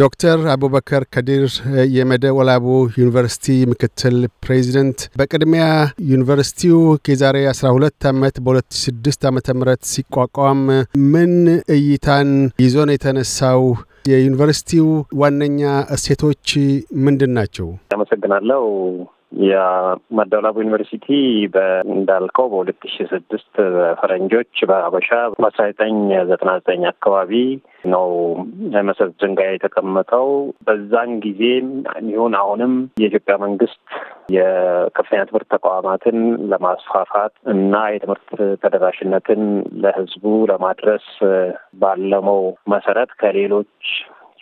ዶክተር አቡበከር ከዲር የመደ ወላቡ ዩኒቨርሲቲ ምክትል ፕሬዚደንት፣ በቅድሚያ ዩኒቨርሲቲው የዛሬ 12 ዓመት በ2006 ዓ ም ሲቋቋም ምን እይታን ይዞ ነው የተነሳው? የዩኒቨርሲቲው ዋነኛ እሴቶች ምንድን ናቸው? አመሰግናለሁ። የመደወላቡ ዩኒቨርሲቲ እንዳልከው በሁለት ሺ ስድስት ፈረንጆች በአበሻ በአስራ ዘጠኝ ዘጠና ዘጠኝ አካባቢ ነው መሰረት ድንጋይ የተቀመጠው። በዛን ጊዜም ይሁን አሁንም የኢትዮጵያ መንግስት የከፍተኛ ትምህርት ተቋማትን ለማስፋፋት እና የትምህርት ተደራሽነትን ለህዝቡ ለማድረስ ባለመው መሰረት ከሌሎች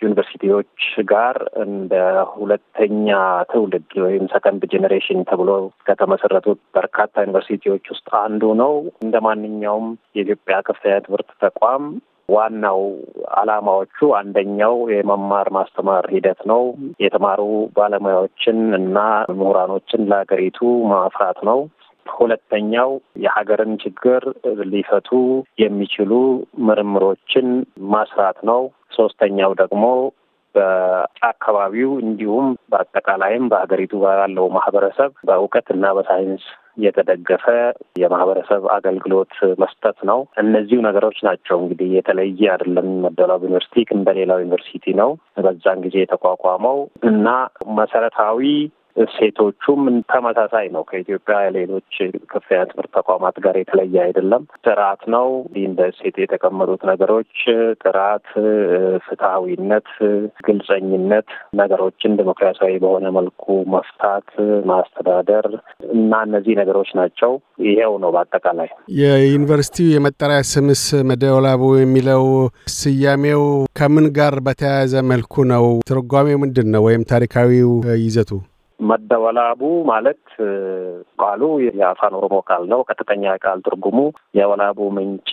ዩኒቨርሲቲዎች ጋር እንደ ሁለተኛ ትውልድ ወይም ሰከንድ ጄኔሬሽን ተብሎ ከተመሰረቱት በርካታ ዩኒቨርሲቲዎች ውስጥ አንዱ ነው። እንደ ማንኛውም የኢትዮጵያ ከፍተኛ ትምህርት ተቋም ዋናው ዓላማዎቹ አንደኛው የመማር ማስተማር ሂደት ነው። የተማሩ ባለሙያዎችን እና ምሁራኖችን ለሀገሪቱ ማፍራት ነው። ሁለተኛው የሀገርን ችግር ሊፈቱ የሚችሉ ምርምሮችን ማስራት ነው። ሶስተኛው ደግሞ በአካባቢው እንዲሁም በአጠቃላይም በሀገሪቱ ባለው ማህበረሰብ በእውቀት እና በሳይንስ የተደገፈ የማህበረሰብ አገልግሎት መስጠት ነው። እነዚሁ ነገሮች ናቸው እንግዲህ የተለየ አይደለም። መደወላቡ ዩኒቨርሲቲ እንደሌላው ዩኒቨርሲቲ ነው በዛን ጊዜ የተቋቋመው እና መሰረታዊ እሴቶቹም ተመሳሳይ ነው። ከኢትዮጵያ ሌሎች ከፍተኛ ትምህርት ተቋማት ጋር የተለየ አይደለም። ጥራት ነው። እንደ ሴት የተቀመጡት ነገሮች ጥራት፣ ፍትሐዊነት፣ ግልጸኝነት፣ ነገሮችን ዲሞክራሲያዊ በሆነ መልኩ መፍታት፣ ማስተዳደር እና እነዚህ ነገሮች ናቸው። ይሄው ነው በአጠቃላይ የዩኒቨርሲቲው የመጠሪያ ስምስ መደወላቡ የሚለው ስያሜው ከምን ጋር በተያያዘ መልኩ ነው? ትርጓሜው ምንድን ነው? ወይም ታሪካዊው ይዘቱ መደወላቡ ማለት ቃሉ የአፋን ኦሮሞ ቃል ነው። ቀጥተኛ ቃል ትርጉሙ የወላቡ ምንጭ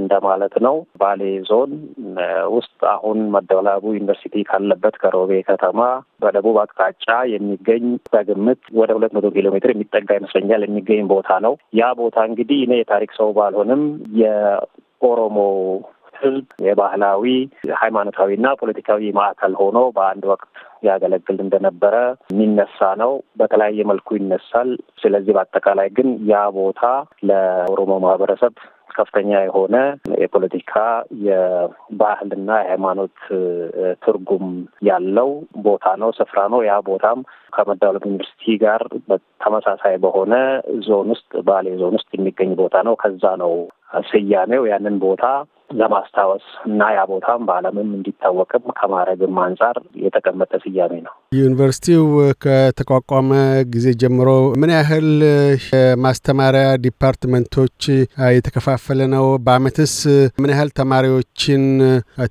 እንደማለት ነው። ባሌ ዞን ውስጥ አሁን መደወላቡ ዩኒቨርሲቲ ካለበት ከሮቤ ከተማ በደቡብ አቅጣጫ የሚገኝ በግምት ወደ ሁለት መቶ ኪሎ ሜትር የሚጠጋ ይመስለኛል የሚገኝ ቦታ ነው። ያ ቦታ እንግዲህ እኔ የታሪክ ሰው ባልሆንም የኦሮሞ ሕዝብ የባህላዊ ሃይማኖታዊና ፖለቲካዊ ማዕከል ሆኖ በአንድ ወቅት ያገለግል እንደነበረ የሚነሳ ነው። በተለያየ መልኩ ይነሳል። ስለዚህ በአጠቃላይ ግን ያ ቦታ ለኦሮሞ ማህበረሰብ ከፍተኛ የሆነ የፖለቲካ የባህልና የሃይማኖት ትርጉም ያለው ቦታ ነው፣ ስፍራ ነው። ያ ቦታም ከመደወልብ ዩኒቨርሲቲ ጋር ተመሳሳይ በሆነ ዞን ውስጥ ባሌ ዞን ውስጥ የሚገኝ ቦታ ነው። ከዛ ነው ስያሜው ያንን ቦታ ለማስታወስ እና ያ ቦታም በዓለምም እንዲታወቅም ከማድረግም አንጻር የተቀመጠ ስያሜ ነው። ዩኒቨርሲቲው ከተቋቋመ ጊዜ ጀምሮ ምን ያህል የማስተማሪያ ዲፓርትመንቶች የተከፋፈለ ነው? በአመትስ ምን ያህል ተማሪዎችን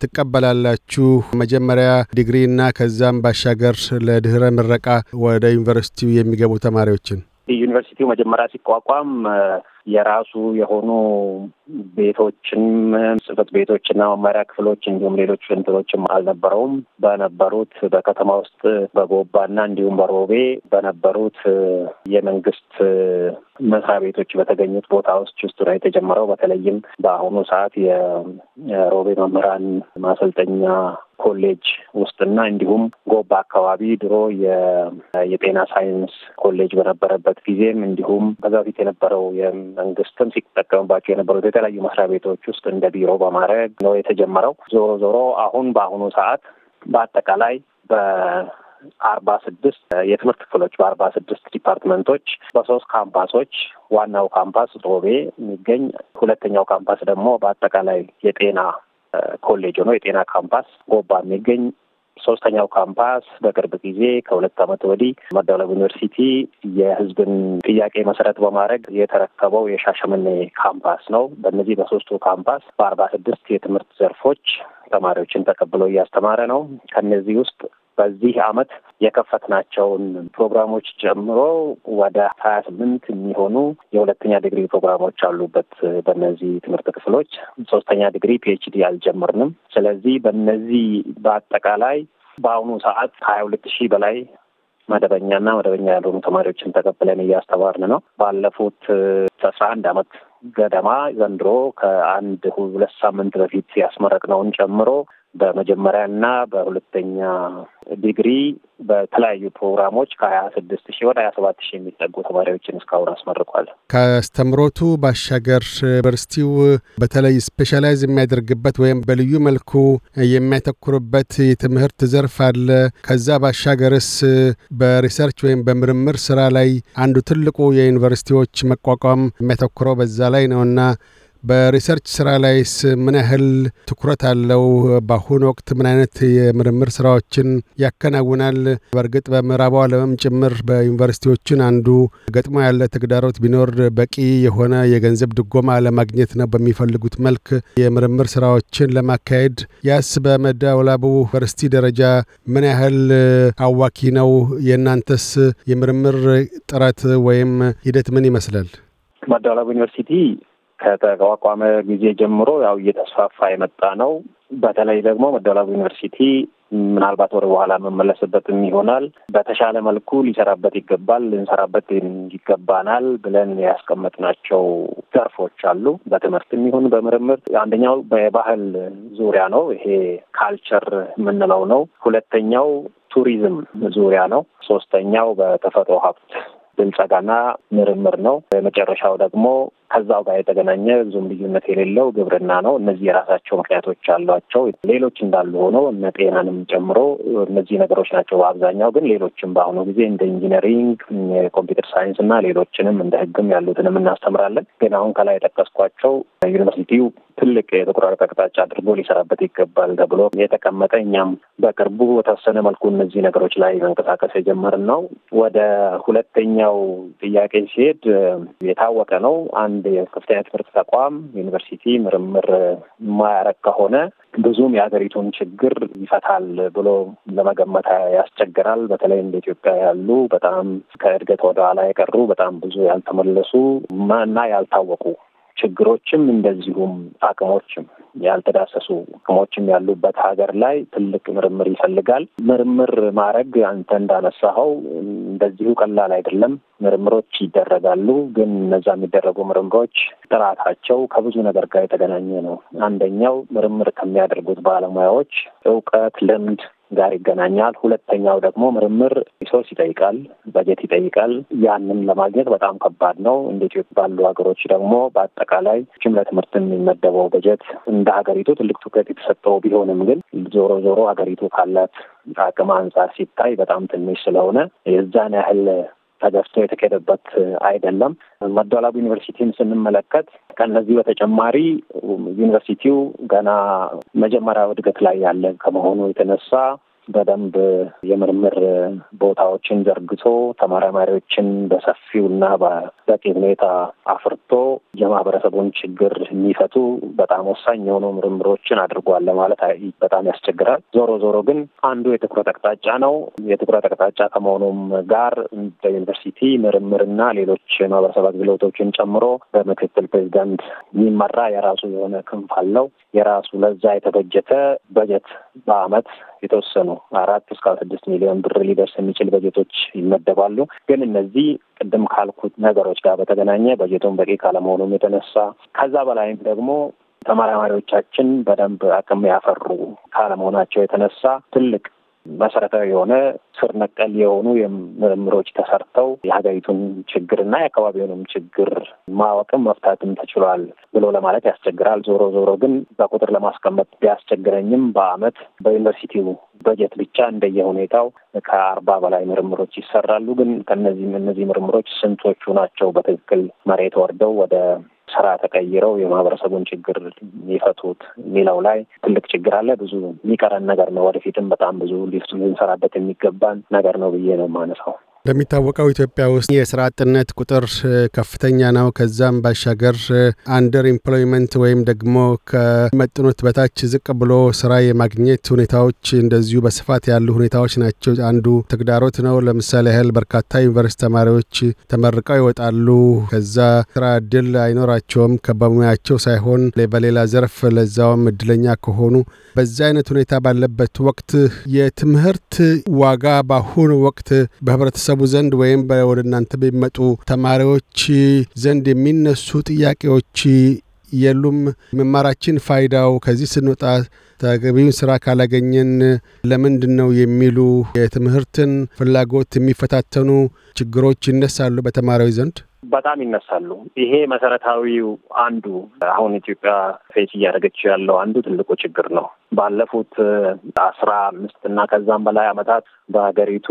ትቀበላላችሁ? መጀመሪያ ዲግሪ እና ከዛም ባሻገር ለድህረ ምረቃ ወደ ዩኒቨርሲቲው የሚገቡ ተማሪዎችን ዩኒቨርሲቲው መጀመሪያ ሲቋቋም የራሱ የሆኑ ቤቶችም ጽህፈት ቤቶችና መመሪያ ክፍሎች እንዲሁም ሌሎች እንትኖችም አልነበረውም። በነበሩት በከተማ ውስጥ በጎባና እንዲሁም በሮቤ በነበሩት የመንግስት መስሪያ ቤቶች በተገኙት ቦታ ውስጥ ነው የተጀመረው። በተለይም በአሁኑ ሰዓት የሮቤ መምህራን ማሰልጠኛ ኮሌጅ ውስጥና እንዲሁም ጎባ አካባቢ ድሮ የጤና ሳይንስ ኮሌጅ በነበረበት ጊዜም እንዲሁም ከዛ በፊት የነበረው የመንግስትም ሲጠቀምባቸው የነበሩት የተለያዩ መስሪያ ቤቶች ውስጥ እንደ ቢሮ በማድረግ ነው የተጀመረው። ዞሮ ዞሮ አሁን በአሁኑ ሰዓት በአጠቃላይ አርባ ስድስት የትምህርት ክፍሎች በአርባ ስድስት ዲፓርትመንቶች በሶስት ካምፓሶች ዋናው ካምፓስ ሮቤ የሚገኝ ሁለተኛው ካምፓስ ደግሞ በአጠቃላይ የጤና ኮሌጅ ሆኖ የጤና ካምፓስ ጎባ የሚገኝ ሶስተኛው ካምፓስ በቅርብ ጊዜ ከሁለት ዓመት ወዲህ መደወለብ ዩኒቨርሲቲ የሕዝብን ጥያቄ መሰረት በማድረግ የተረከበው የሻሸመኔ ካምፓስ ነው። በእነዚህ በሶስቱ ካምፓስ በአርባ ስድስት የትምህርት ዘርፎች ተማሪዎችን ተቀብሎ እያስተማረ ነው። ከነዚህ ውስጥ በዚህ አመት የከፈትናቸውን ፕሮግራሞች ጨምሮ ወደ ሀያ ስምንት የሚሆኑ የሁለተኛ ዲግሪ ፕሮግራሞች አሉበት። በእነዚህ ትምህርት ክፍሎች ሶስተኛ ዲግሪ ፒኤችዲ አልጀመርንም። ስለዚህ በእነዚህ በአጠቃላይ በአሁኑ ሰዓት ሀያ ሁለት ሺህ በላይ መደበኛና መደበኛ ያልሆኑ ተማሪዎችን ተቀብለን እያስተማርን ነው። ባለፉት አስራ አንድ አመት ገደማ ዘንድሮ ከአንድ ሁለት ሳምንት በፊት ያስመረቅነውን ጨምሮ በመጀመሪያ በሁለተኛ ዲግሪ በተለያዩ ፕሮግራሞች ከሀያ ስድስት ሺህ ወደ ሀያ ሰባት ሺህ የሚጠጉ ተማሪዎችን እስካሁን አስመርቋል። ከአስተምሮቱ ባሻገር ዩኒቨርሲቲው በተለይ ስፔሻላይዝ የሚያደርግበት ወይም በልዩ መልኩ የሚያተኩርበት የትምህርት ዘርፍ አለ። ከዛ ባሻገርስ በሪሰርች ወይም በምርምር ስራ ላይ አንዱ ትልቁ የዩኒቨርሲቲዎች መቋቋም የሚያተኩረው በዛ ላይ ነውና በሪሰርች ስራ ላይስ ምን ያህል ትኩረት አለው? በአሁኑ ወቅት ምን አይነት የምርምር ስራዎችን ያከናውናል? በእርግጥ በምዕራቡ ዓለምም ጭምር በዩኒቨርሲቲዎችን አንዱ ገጥሞ ያለ ተግዳሮት ቢኖር በቂ የሆነ የገንዘብ ድጎማ ለማግኘት ነው። በሚፈልጉት መልክ የምርምር ስራዎችን ለማካሄድ ያስ በመደወላቡ ዩኒቨርሲቲ ደረጃ ምን ያህል አዋኪ ነው? የእናንተስ የምርምር ጥረት ወይም ሂደት ምን ይመስላል? መደወላቡ ዩኒቨርሲቲ ከተቋቋመ ጊዜ ጀምሮ ያው እየተስፋፋ የመጣ ነው። በተለይ ደግሞ መደወላቡ ዩኒቨርሲቲ ምናልባት ወደ በኋላ መመለስበትም ይሆናል። በተሻለ መልኩ ሊሰራበት ይገባል፣ ልንሰራበት ይገባናል ብለን ያስቀመጥናቸው ዘርፎች አሉ። በትምህርትም ይሁን በምርምር አንደኛው በባህል ዙሪያ ነው። ይሄ ካልቸር የምንለው ነው። ሁለተኛው ቱሪዝም ዙሪያ ነው። ሶስተኛው በተፈጥሮ ሀብት ብልጸጋና ምርምር ነው። የመጨረሻው ደግሞ ከዛው ጋር የተገናኘ ብዙም ልዩነት የሌለው ግብርና ነው። እነዚህ የራሳቸው ምክንያቶች አሏቸው። ሌሎች እንዳሉ ሆነው እነ ጤናንም ጨምሮ እነዚህ ነገሮች ናቸው። በአብዛኛው ግን ሌሎችም በአሁኑ ጊዜ እንደ ኢንጂነሪንግ፣ የኮምፒውተር ሳይንስ እና ሌሎችንም እንደ ህግም ያሉትንም እናስተምራለን። ግን አሁን ከላይ የጠቀስኳቸው ዩኒቨርሲቲው ትልቅ የተቆራረጠ አቅጣጫ አድርጎ ሊሰራበት ይገባል ተብሎ የተቀመጠ እኛም በቅርቡ በተወሰነ መልኩ እነዚህ ነገሮች ላይ መንቀሳቀስ የጀመርን ነው። ወደ ሁለተኛው ጥያቄ ሲሄድ የታወቀ ነው አንድ አንድ የከፍተኛ ትምህርት ተቋም ዩኒቨርሲቲ ምርምር የማያረግ ከሆነ ብዙም የሀገሪቱን ችግር ይፈታል ብሎ ለመገመት ያስቸግራል። በተለይ እንደ ኢትዮጵያ ያሉ በጣም ከእድገት ወደኋላ የቀሩ በጣም ብዙ ያልተመለሱ እና ያልታወቁ ችግሮችም እንደዚሁም አቅሞችም ያልተዳሰሱ አቅሞችም ያሉበት ሀገር ላይ ትልቅ ምርምር ይፈልጋል። ምርምር ማድረግ አንተ እንዳነሳኸው እንደዚሁ ቀላል አይደለም። ምርምሮች ይደረጋሉ፣ ግን እነዛ የሚደረጉ ምርምሮች ጥራታቸው ከብዙ ነገር ጋር የተገናኘ ነው። አንደኛው ምርምር ከሚያደርጉት ባለሙያዎች እውቀት፣ ልምድ ጋር ይገናኛል። ሁለተኛው ደግሞ ምርምር ሪሶርስ ይጠይቃል፣ በጀት ይጠይቃል። ያንን ለማግኘት በጣም ከባድ ነው። እንደ ኢትዮጵያ ባሉ ሀገሮች ደግሞ በአጠቃላይ ችም ለትምህርት የሚመደበው በጀት እንደ ሀገሪቱ ትልቅ ትኩረት የተሰጠው ቢሆንም ግን ዞሮ ዞሮ ሀገሪቱ ካላት አቅም አንጻር ሲታይ በጣም ትንሽ ስለሆነ የዛን ያህል ተገፍቶ የተካሄደበት አይደለም። መደወላቡ ዩኒቨርሲቲን ስንመለከት ከነዚህ በተጨማሪ ዩኒቨርሲቲው ገና መጀመሪያ እድገት ላይ ያለ ከመሆኑ የተነሳ በደንብ የምርምር ቦታዎችን ዘርግቶ ተመራማሪዎችን በሰፊውና በበቂ ሁኔታ አፍርቶ የማህበረሰቡን ችግር የሚፈቱ በጣም ወሳኝ የሆኑ ምርምሮችን አድርጓል ለማለት በጣም ያስቸግራል። ዞሮ ዞሮ ግን አንዱ የትኩረት አቅጣጫ ነው። የትኩረት አቅጣጫ ከመሆኑም ጋር በዩኒቨርሲቲ ምርምርና ሌሎች የማህበረሰብ አገልግሎቶችን ጨምሮ በምክትል ፕሬዚዳንት የሚመራ የራሱ የሆነ ክንፍ አለው። የራሱ ለዛ የተበጀተ በጀት በአመት የተወሰኑ አራት እስከ ስድስት ሚሊዮን ብር ሊደርስ የሚችል በጀቶች ይመደባሉ። ግን እነዚህ ቅድም ካልኩት ነገሮች ጋር በተገናኘ በጀቱን በቂ ካለመሆኑም የተነሳ ከዛ በላይም ደግሞ ተመራማሪዎቻችን በደንብ አቅም ያፈሩ ካለመሆናቸው የተነሳ ትልቅ መሰረታዊ የሆነ ስር ነቀል የሆኑ ምርምሮች ተሰርተው የሀገሪቱን ችግርና የአካባቢውንም ችግር ማወቅም መፍታትም ተችሏል ብሎ ለማለት ያስቸግራል። ዞሮ ዞሮ ግን በቁጥር ለማስቀመጥ ቢያስቸግረኝም በአመት በዩኒቨርሲቲው በጀት ብቻ እንደየሁኔታው ከአርባ በላይ ምርምሮች ይሰራሉ። ግን ከነዚህ እነዚህ ምርምሮች ስንቶቹ ናቸው በትክክል መሬት ወርደው ወደ ስራ ተቀይረው የማህበረሰቡን ችግር የሚፈቱት የሚለው ላይ ትልቅ ችግር አለ። ብዙ የሚቀረን ነገር ነው። ወደፊትም በጣም ብዙ ሊፍት ልንሰራበት የሚገባን ነገር ነው ብዬ ነው የማነሳው። እንደሚታወቀው ኢትዮጵያ ውስጥ የስራ አጥነት ቁጥር ከፍተኛ ነው። ከዛም ባሻገር አንደር ኢምፕሎይመንት ወይም ደግሞ ከመጥኖት በታች ዝቅ ብሎ ስራ የማግኘት ሁኔታዎች እንደዚሁ በስፋት ያሉ ሁኔታዎች ናቸው። አንዱ ተግዳሮት ነው። ለምሳሌ ያህል በርካታ ዩኒቨርስቲ ተማሪዎች ተመርቀው ይወጣሉ። ከዛ ስራ እድል አይኖራቸውም። ከበሙያቸው ሳይሆን በሌላ ዘርፍ ለዛውም እድለኛ ከሆኑ በዛ አይነት ሁኔታ ባለበት ወቅት የትምህርት ዋጋ በአሁኑ ወቅት በህብረተሰ በኅብረተሰቡ ዘንድ ወይም ወደ እናንተ በሚመጡ ተማሪዎች ዘንድ የሚነሱ ጥያቄዎች የሉም? መማራችን ፋይዳው ከዚህ ስንወጣ ተገቢውን ስራ ካላገኘን ለምንድን ነው የሚሉ የትምህርትን ፍላጎት የሚፈታተኑ ችግሮች ይነሳሉ በተማሪዎች ዘንድ። በጣም ይነሳሉ። ይሄ መሰረታዊው አንዱ አሁን ኢትዮጵያ ፌስ እያደረገች ያለው አንዱ ትልቁ ችግር ነው። ባለፉት አስራ አምስት እና ከዛም በላይ አመታት በሀገሪቱ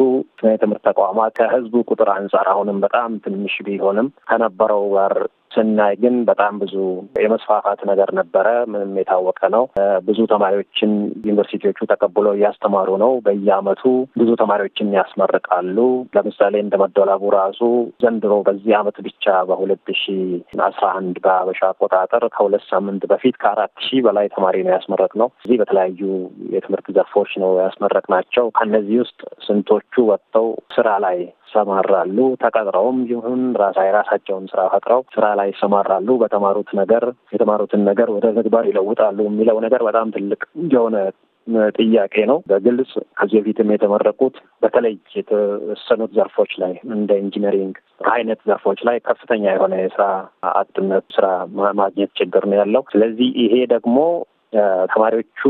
የትምህርት ተቋማት ከህዝቡ ቁጥር አንጻር አሁንም በጣም ትንሽ ቢሆንም ከነበረው ጋር ስናይ ግን በጣም ብዙ የመስፋፋት ነገር ነበረ። ምንም የታወቀ ነው። ብዙ ተማሪዎችን ዩኒቨርሲቲዎቹ ተቀብለው እያስተማሩ ነው። በየአመቱ ብዙ ተማሪዎችን ያስመርቃሉ። ለምሳሌ እንደ መደወላቡ ራሱ ዘንድሮ በዚህ አመት ብቻ በሁለት ሺ አስራ አንድ በአበሻ አቆጣጠር ከሁለት ሳምንት በፊት ከአራት ሺህ በላይ ተማሪ ነው ያስመረቅ ነው። እዚህ በተለያዩ የትምህርት ዘርፎች ነው ያስመረቅ ናቸው። ከነዚህ ውስጥ ስንቶቹ ወጥተው ስራ ላይ ይሰማራሉ። ተቀጥረውም ይሁን ራሳ የራሳቸውን ስራ ፈጥረው ስራ ላይ ይሰማራሉ። በተማሩት ነገር የተማሩትን ነገር ወደ ተግባር ይለውጣሉ የሚለው ነገር በጣም ትልቅ የሆነ ጥያቄ ነው። በግልጽ ከዚህ በፊትም የተመረቁት በተለይ የተወሰኑት ዘርፎች ላይ እንደ ኢንጂነሪንግ አይነት ዘርፎች ላይ ከፍተኛ የሆነ የስራ አጥነት፣ ስራ ማግኘት ችግር ነው ያለው። ስለዚህ ይሄ ደግሞ ተማሪዎቹ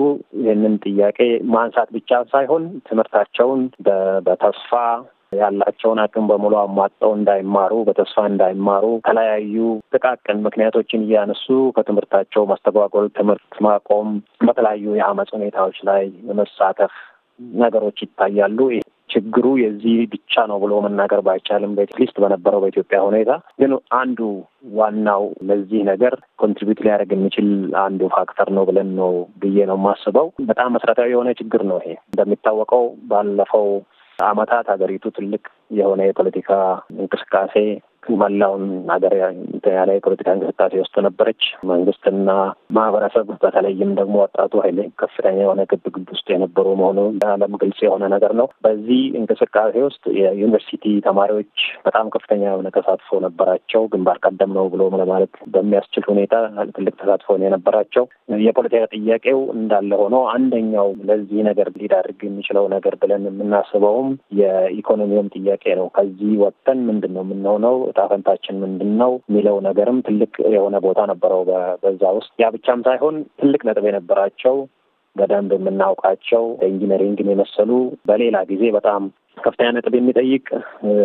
ይህንን ጥያቄ ማንሳት ብቻ ሳይሆን ትምህርታቸውን በተስፋ ያላቸውን አቅም በሙሉ አሟጠው እንዳይማሩ በተስፋ እንዳይማሩ ተለያዩ ጥቃቅን ምክንያቶችን እያነሱ ከትምህርታቸው ማስተጓጎል፣ ትምህርት ማቆም፣ በተለያዩ የአመፅ ሁኔታዎች ላይ መሳተፍ ነገሮች ይታያሉ። ችግሩ የዚህ ብቻ ነው ብሎ መናገር ባይቻልም በትሊስት በነበረው በኢትዮጵያ ሁኔታ ግን አንዱ ዋናው ለዚህ ነገር ኮንትሪቢዩት ሊያደርግ የሚችል አንዱ ፋክተር ነው ብለን ነው ብዬ ነው የማስበው። በጣም መሰረታዊ የሆነ ችግር ነው ይሄ። እንደሚታወቀው ባለፈው አመታት ሀገሪቱ ትልቅ የሆነ የፖለቲካ እንቅስቃሴ መላውን ሀገር ያለ የፖለቲካ እንቅስቃሴ ውስጥ ነበረች። መንግስትና ማህበረሰብ በተለይም ደግሞ ወጣቱ ኃይል ከፍተኛ የሆነ ግብ ግብ ውስጥ የነበሩ መሆኑ ለዓለም ግልጽ የሆነ ነገር ነው። በዚህ እንቅስቃሴ ውስጥ የዩኒቨርሲቲ ተማሪዎች በጣም ከፍተኛ የሆነ ተሳትፎ ነበራቸው። ግንባር ቀደም ነው ብሎ ለማለት በሚያስችል ሁኔታ ትልቅ ተሳትፎ ነው የነበራቸው። የፖለቲካ ጥያቄው እንዳለ ሆኖ አንደኛው ለዚህ ነገር ሊዳርግ የሚችለው ነገር ብለን የምናስበውም የኢኮኖሚውም ጥያቄ ነው። ከዚህ ወጥተን ምንድን ነው የምንሆነው እጣ ፈንታችን ምንድን ነው የሚለው ነገርም ትልቅ የሆነ ቦታ ነበረው በዛ ውስጥ። ያ ብቻም ሳይሆን ትልቅ ነጥብ የነበራቸው በደንብ የምናውቃቸው ኢንጂነሪንግን የመሰሉ በሌላ ጊዜ በጣም ከፍተኛ ነጥብ የሚጠይቅ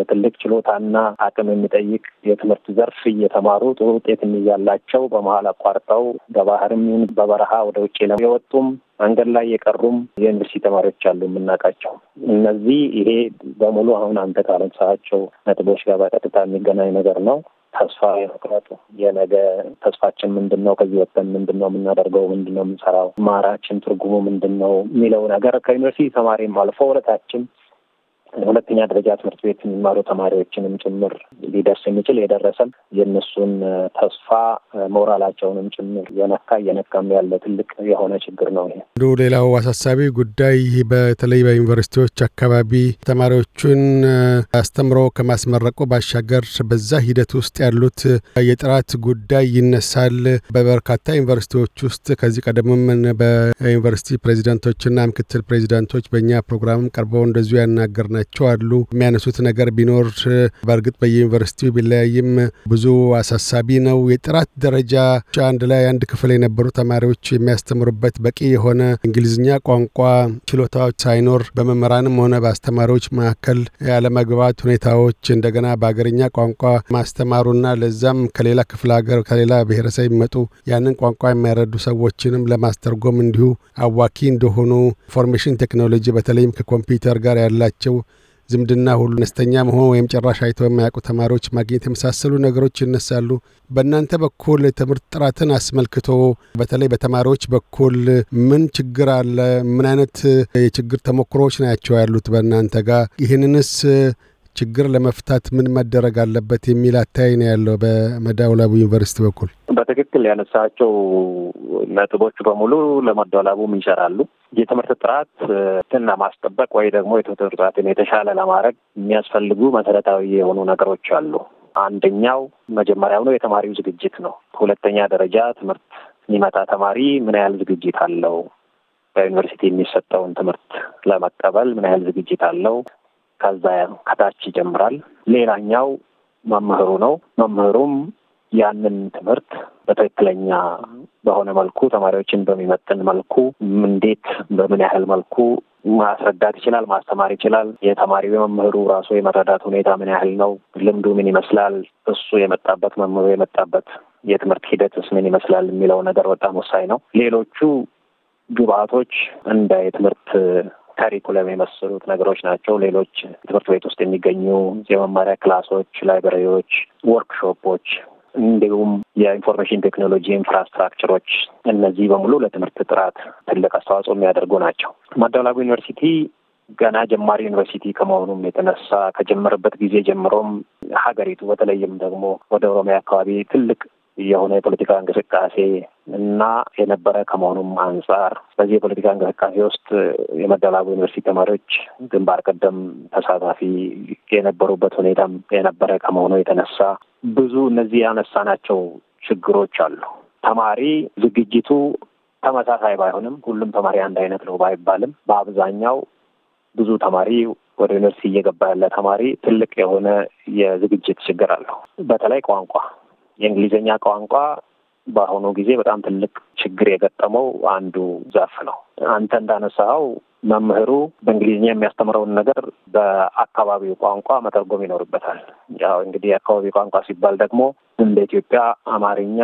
ትልቅ ችሎታና አቅም የሚጠይቅ የትምህርት ዘርፍ እየተማሩ ጥሩ ውጤት እያላቸው በመሀል አቋርጠው በባህርም ይሁን በበረሃ ወደ ውጭ የወጡም መንገድ ላይ የቀሩም የዩኒቨርሲቲ ተማሪዎች አሉ የምናውቃቸው። እነዚህ ይሄ በሙሉ አሁን አንተ ካነሳሃቸው ነጥቦች ጋር በቀጥታ የሚገናኝ ነገር ነው። ተስፋ የመቁረጡ የነገ ተስፋችን ምንድን ነው? ከዚህ ወጥተን ምንድን ነው የምናደርገው? ምንድን ነው የምንሰራው? ማራችን ትርጉሙ ምንድን ነው የሚለው ነገር ከዩኒቨርሲቲ ተማሪም አልፎ ወደታችን ሁለተኛ ደረጃ ትምህርት ቤት የሚማሩ ተማሪዎችንም ጭምር ሊደርስ የሚችል የደረሰም የእነሱን ተስፋ ሞራላቸውንም ጭምር የነካ እየነካም ያለ ትልቅ የሆነ ችግር ነው። ይሄ አንዱ ሌላው አሳሳቢ ጉዳይ በተለይ በዩኒቨርሲቲዎች አካባቢ ተማሪዎቹን አስተምሮ ከማስመረቁ ባሻገር በዛ ሂደት ውስጥ ያሉት የጥራት ጉዳይ ይነሳል። በበርካታ ዩኒቨርሲቲዎች ውስጥ ከዚህ ቀደምም በዩኒቨርሲቲ ፕሬዚዳንቶችና ምክትል ፕሬዚዳንቶች በእኛ ፕሮግራምም ቀርበው እንደዚሁ ያናገር ያላቸው አሉ። የሚያነሱት ነገር ቢኖር በእርግጥ በየዩኒቨርሲቲው ቢለያይም ብዙ አሳሳቢ ነው። የጥራት ደረጃ አንድ ላይ አንድ ክፍል የነበሩ ተማሪዎች የሚያስተምሩበት በቂ የሆነ እንግሊዝኛ ቋንቋ ችሎታዎች ሳይኖር በመምህራንም ሆነ በአስተማሪዎች መካከል ያለመግባት ሁኔታዎች፣ እንደገና በሀገርኛ ቋንቋ ማስተማሩና ለዛም ከሌላ ክፍለ ሀገር ከሌላ ብሔረሰብ የሚመጡ ያንን ቋንቋ የሚያረዱ ሰዎችንም ለማስተርጎም እንዲሁ አዋኪ እንደሆኑ ኢንፎርሜሽን ቴክኖሎጂ በተለይም ከኮምፒውተር ጋር ያላቸው ዝምድና ሁሉ አነስተኛ መሆን ወይም ጭራሽ አይተው የማያውቁ ተማሪዎች ማግኘት የመሳሰሉ ነገሮች ይነሳሉ። በእናንተ በኩል የትምህርት ጥራትን አስመልክቶ በተለይ በተማሪዎች በኩል ምን ችግር አለ? ምን አይነት የችግር ተሞክሮዎች ናቸው ያሉት በእናንተ ጋር? ይህንንስ ችግር ለመፍታት ምን መደረግ አለበት የሚል አታይ ነው ያለው በመዳውላቡ ዩኒቨርሲቲ በኩል። በትክክል ያነሳቸው ነጥቦች በሙሉ ለመዳውላቡ ይሰራሉ። የትምህርት ጥራት ትና ማስጠበቅ ወይ ደግሞ የትምህርት ጥራትን የተሻለ ለማድረግ የሚያስፈልጉ መሰረታዊ የሆኑ ነገሮች አሉ። አንደኛው መጀመሪያው ነው የተማሪው ዝግጅት ነው። ሁለተኛ ደረጃ ትምህርት የሚመጣ ተማሪ ምን ያህል ዝግጅት አለው? በዩኒቨርሲቲ የሚሰጠውን ትምህርት ለመቀበል ምን ያህል ዝግጅት አለው? ከዛ ከታች ይጀምራል። ሌላኛው መምህሩ ነው። መምህሩም ያንን ትምህርት በትክክለኛ በሆነ መልኩ ተማሪዎችን በሚመጥን መልኩ እንዴት በምን ያህል መልኩ ማስረዳት ይችላል፣ ማስተማር ይችላል። የተማሪው የመምህሩ ራሱ የመረዳት ሁኔታ ምን ያህል ነው፣ ልምዱ ምን ይመስላል፣ እሱ የመጣበት መምህሩ የመጣበት የትምህርት ሂደትስ ምን ይመስላል የሚለው ነገር በጣም ወሳኝ ነው። ሌሎቹ ግብአቶች እንደ የትምህርት ከሪኩለም የመሰሉት ነገሮች ናቸው። ሌሎች ትምህርት ቤት ውስጥ የሚገኙ የመማሪያ ክላሶች፣ ላይብረሪዎች፣ ወርክሾፖች እንዲሁም የኢንፎርሜሽን ቴክኖሎጂ ኢንፍራስትራክቸሮች እነዚህ በሙሉ ለትምህርት ጥራት ትልቅ አስተዋጽኦ የሚያደርጉ ናቸው። ማዳላቡ ዩኒቨርሲቲ ገና ጀማሪ ዩኒቨርሲቲ ከመሆኑም የተነሳ ከጀመረበት ጊዜ ጀምሮም ሀገሪቱ በተለይም ደግሞ ወደ ኦሮሚያ አካባቢ ትልቅ የሆነ የፖለቲካ እንቅስቃሴ እና የነበረ ከመሆኑም አንጻር በዚህ የፖለቲካ እንቅስቃሴ ውስጥ የመደላቡ ዩኒቨርሲቲ ተማሪዎች ግንባር ቀደም ተሳታፊ የነበሩበት ሁኔታም የነበረ ከመሆኑ የተነሳ ብዙ እነዚህ ያነሳናቸው ችግሮች አሉ። ተማሪ ዝግጅቱ ተመሳሳይ ባይሆንም ሁሉም ተማሪ አንድ አይነት ነው ባይባልም በአብዛኛው ብዙ ተማሪ ወደ ዩኒቨርሲቲ እየገባ ያለ ተማሪ ትልቅ የሆነ የዝግጅት ችግር አለው። በተለይ ቋንቋ፣ የእንግሊዝኛ ቋንቋ በአሁኑ ጊዜ በጣም ትልቅ ችግር የገጠመው አንዱ ዘርፍ ነው። አንተ እንዳነሳኸው መምህሩ በእንግሊዝኛ የሚያስተምረውን ነገር በአካባቢው ቋንቋ መተርጎም ይኖርበታል። ያው እንግዲህ የአካባቢ ቋንቋ ሲባል ደግሞ እንደ ኢትዮጵያ አማርኛ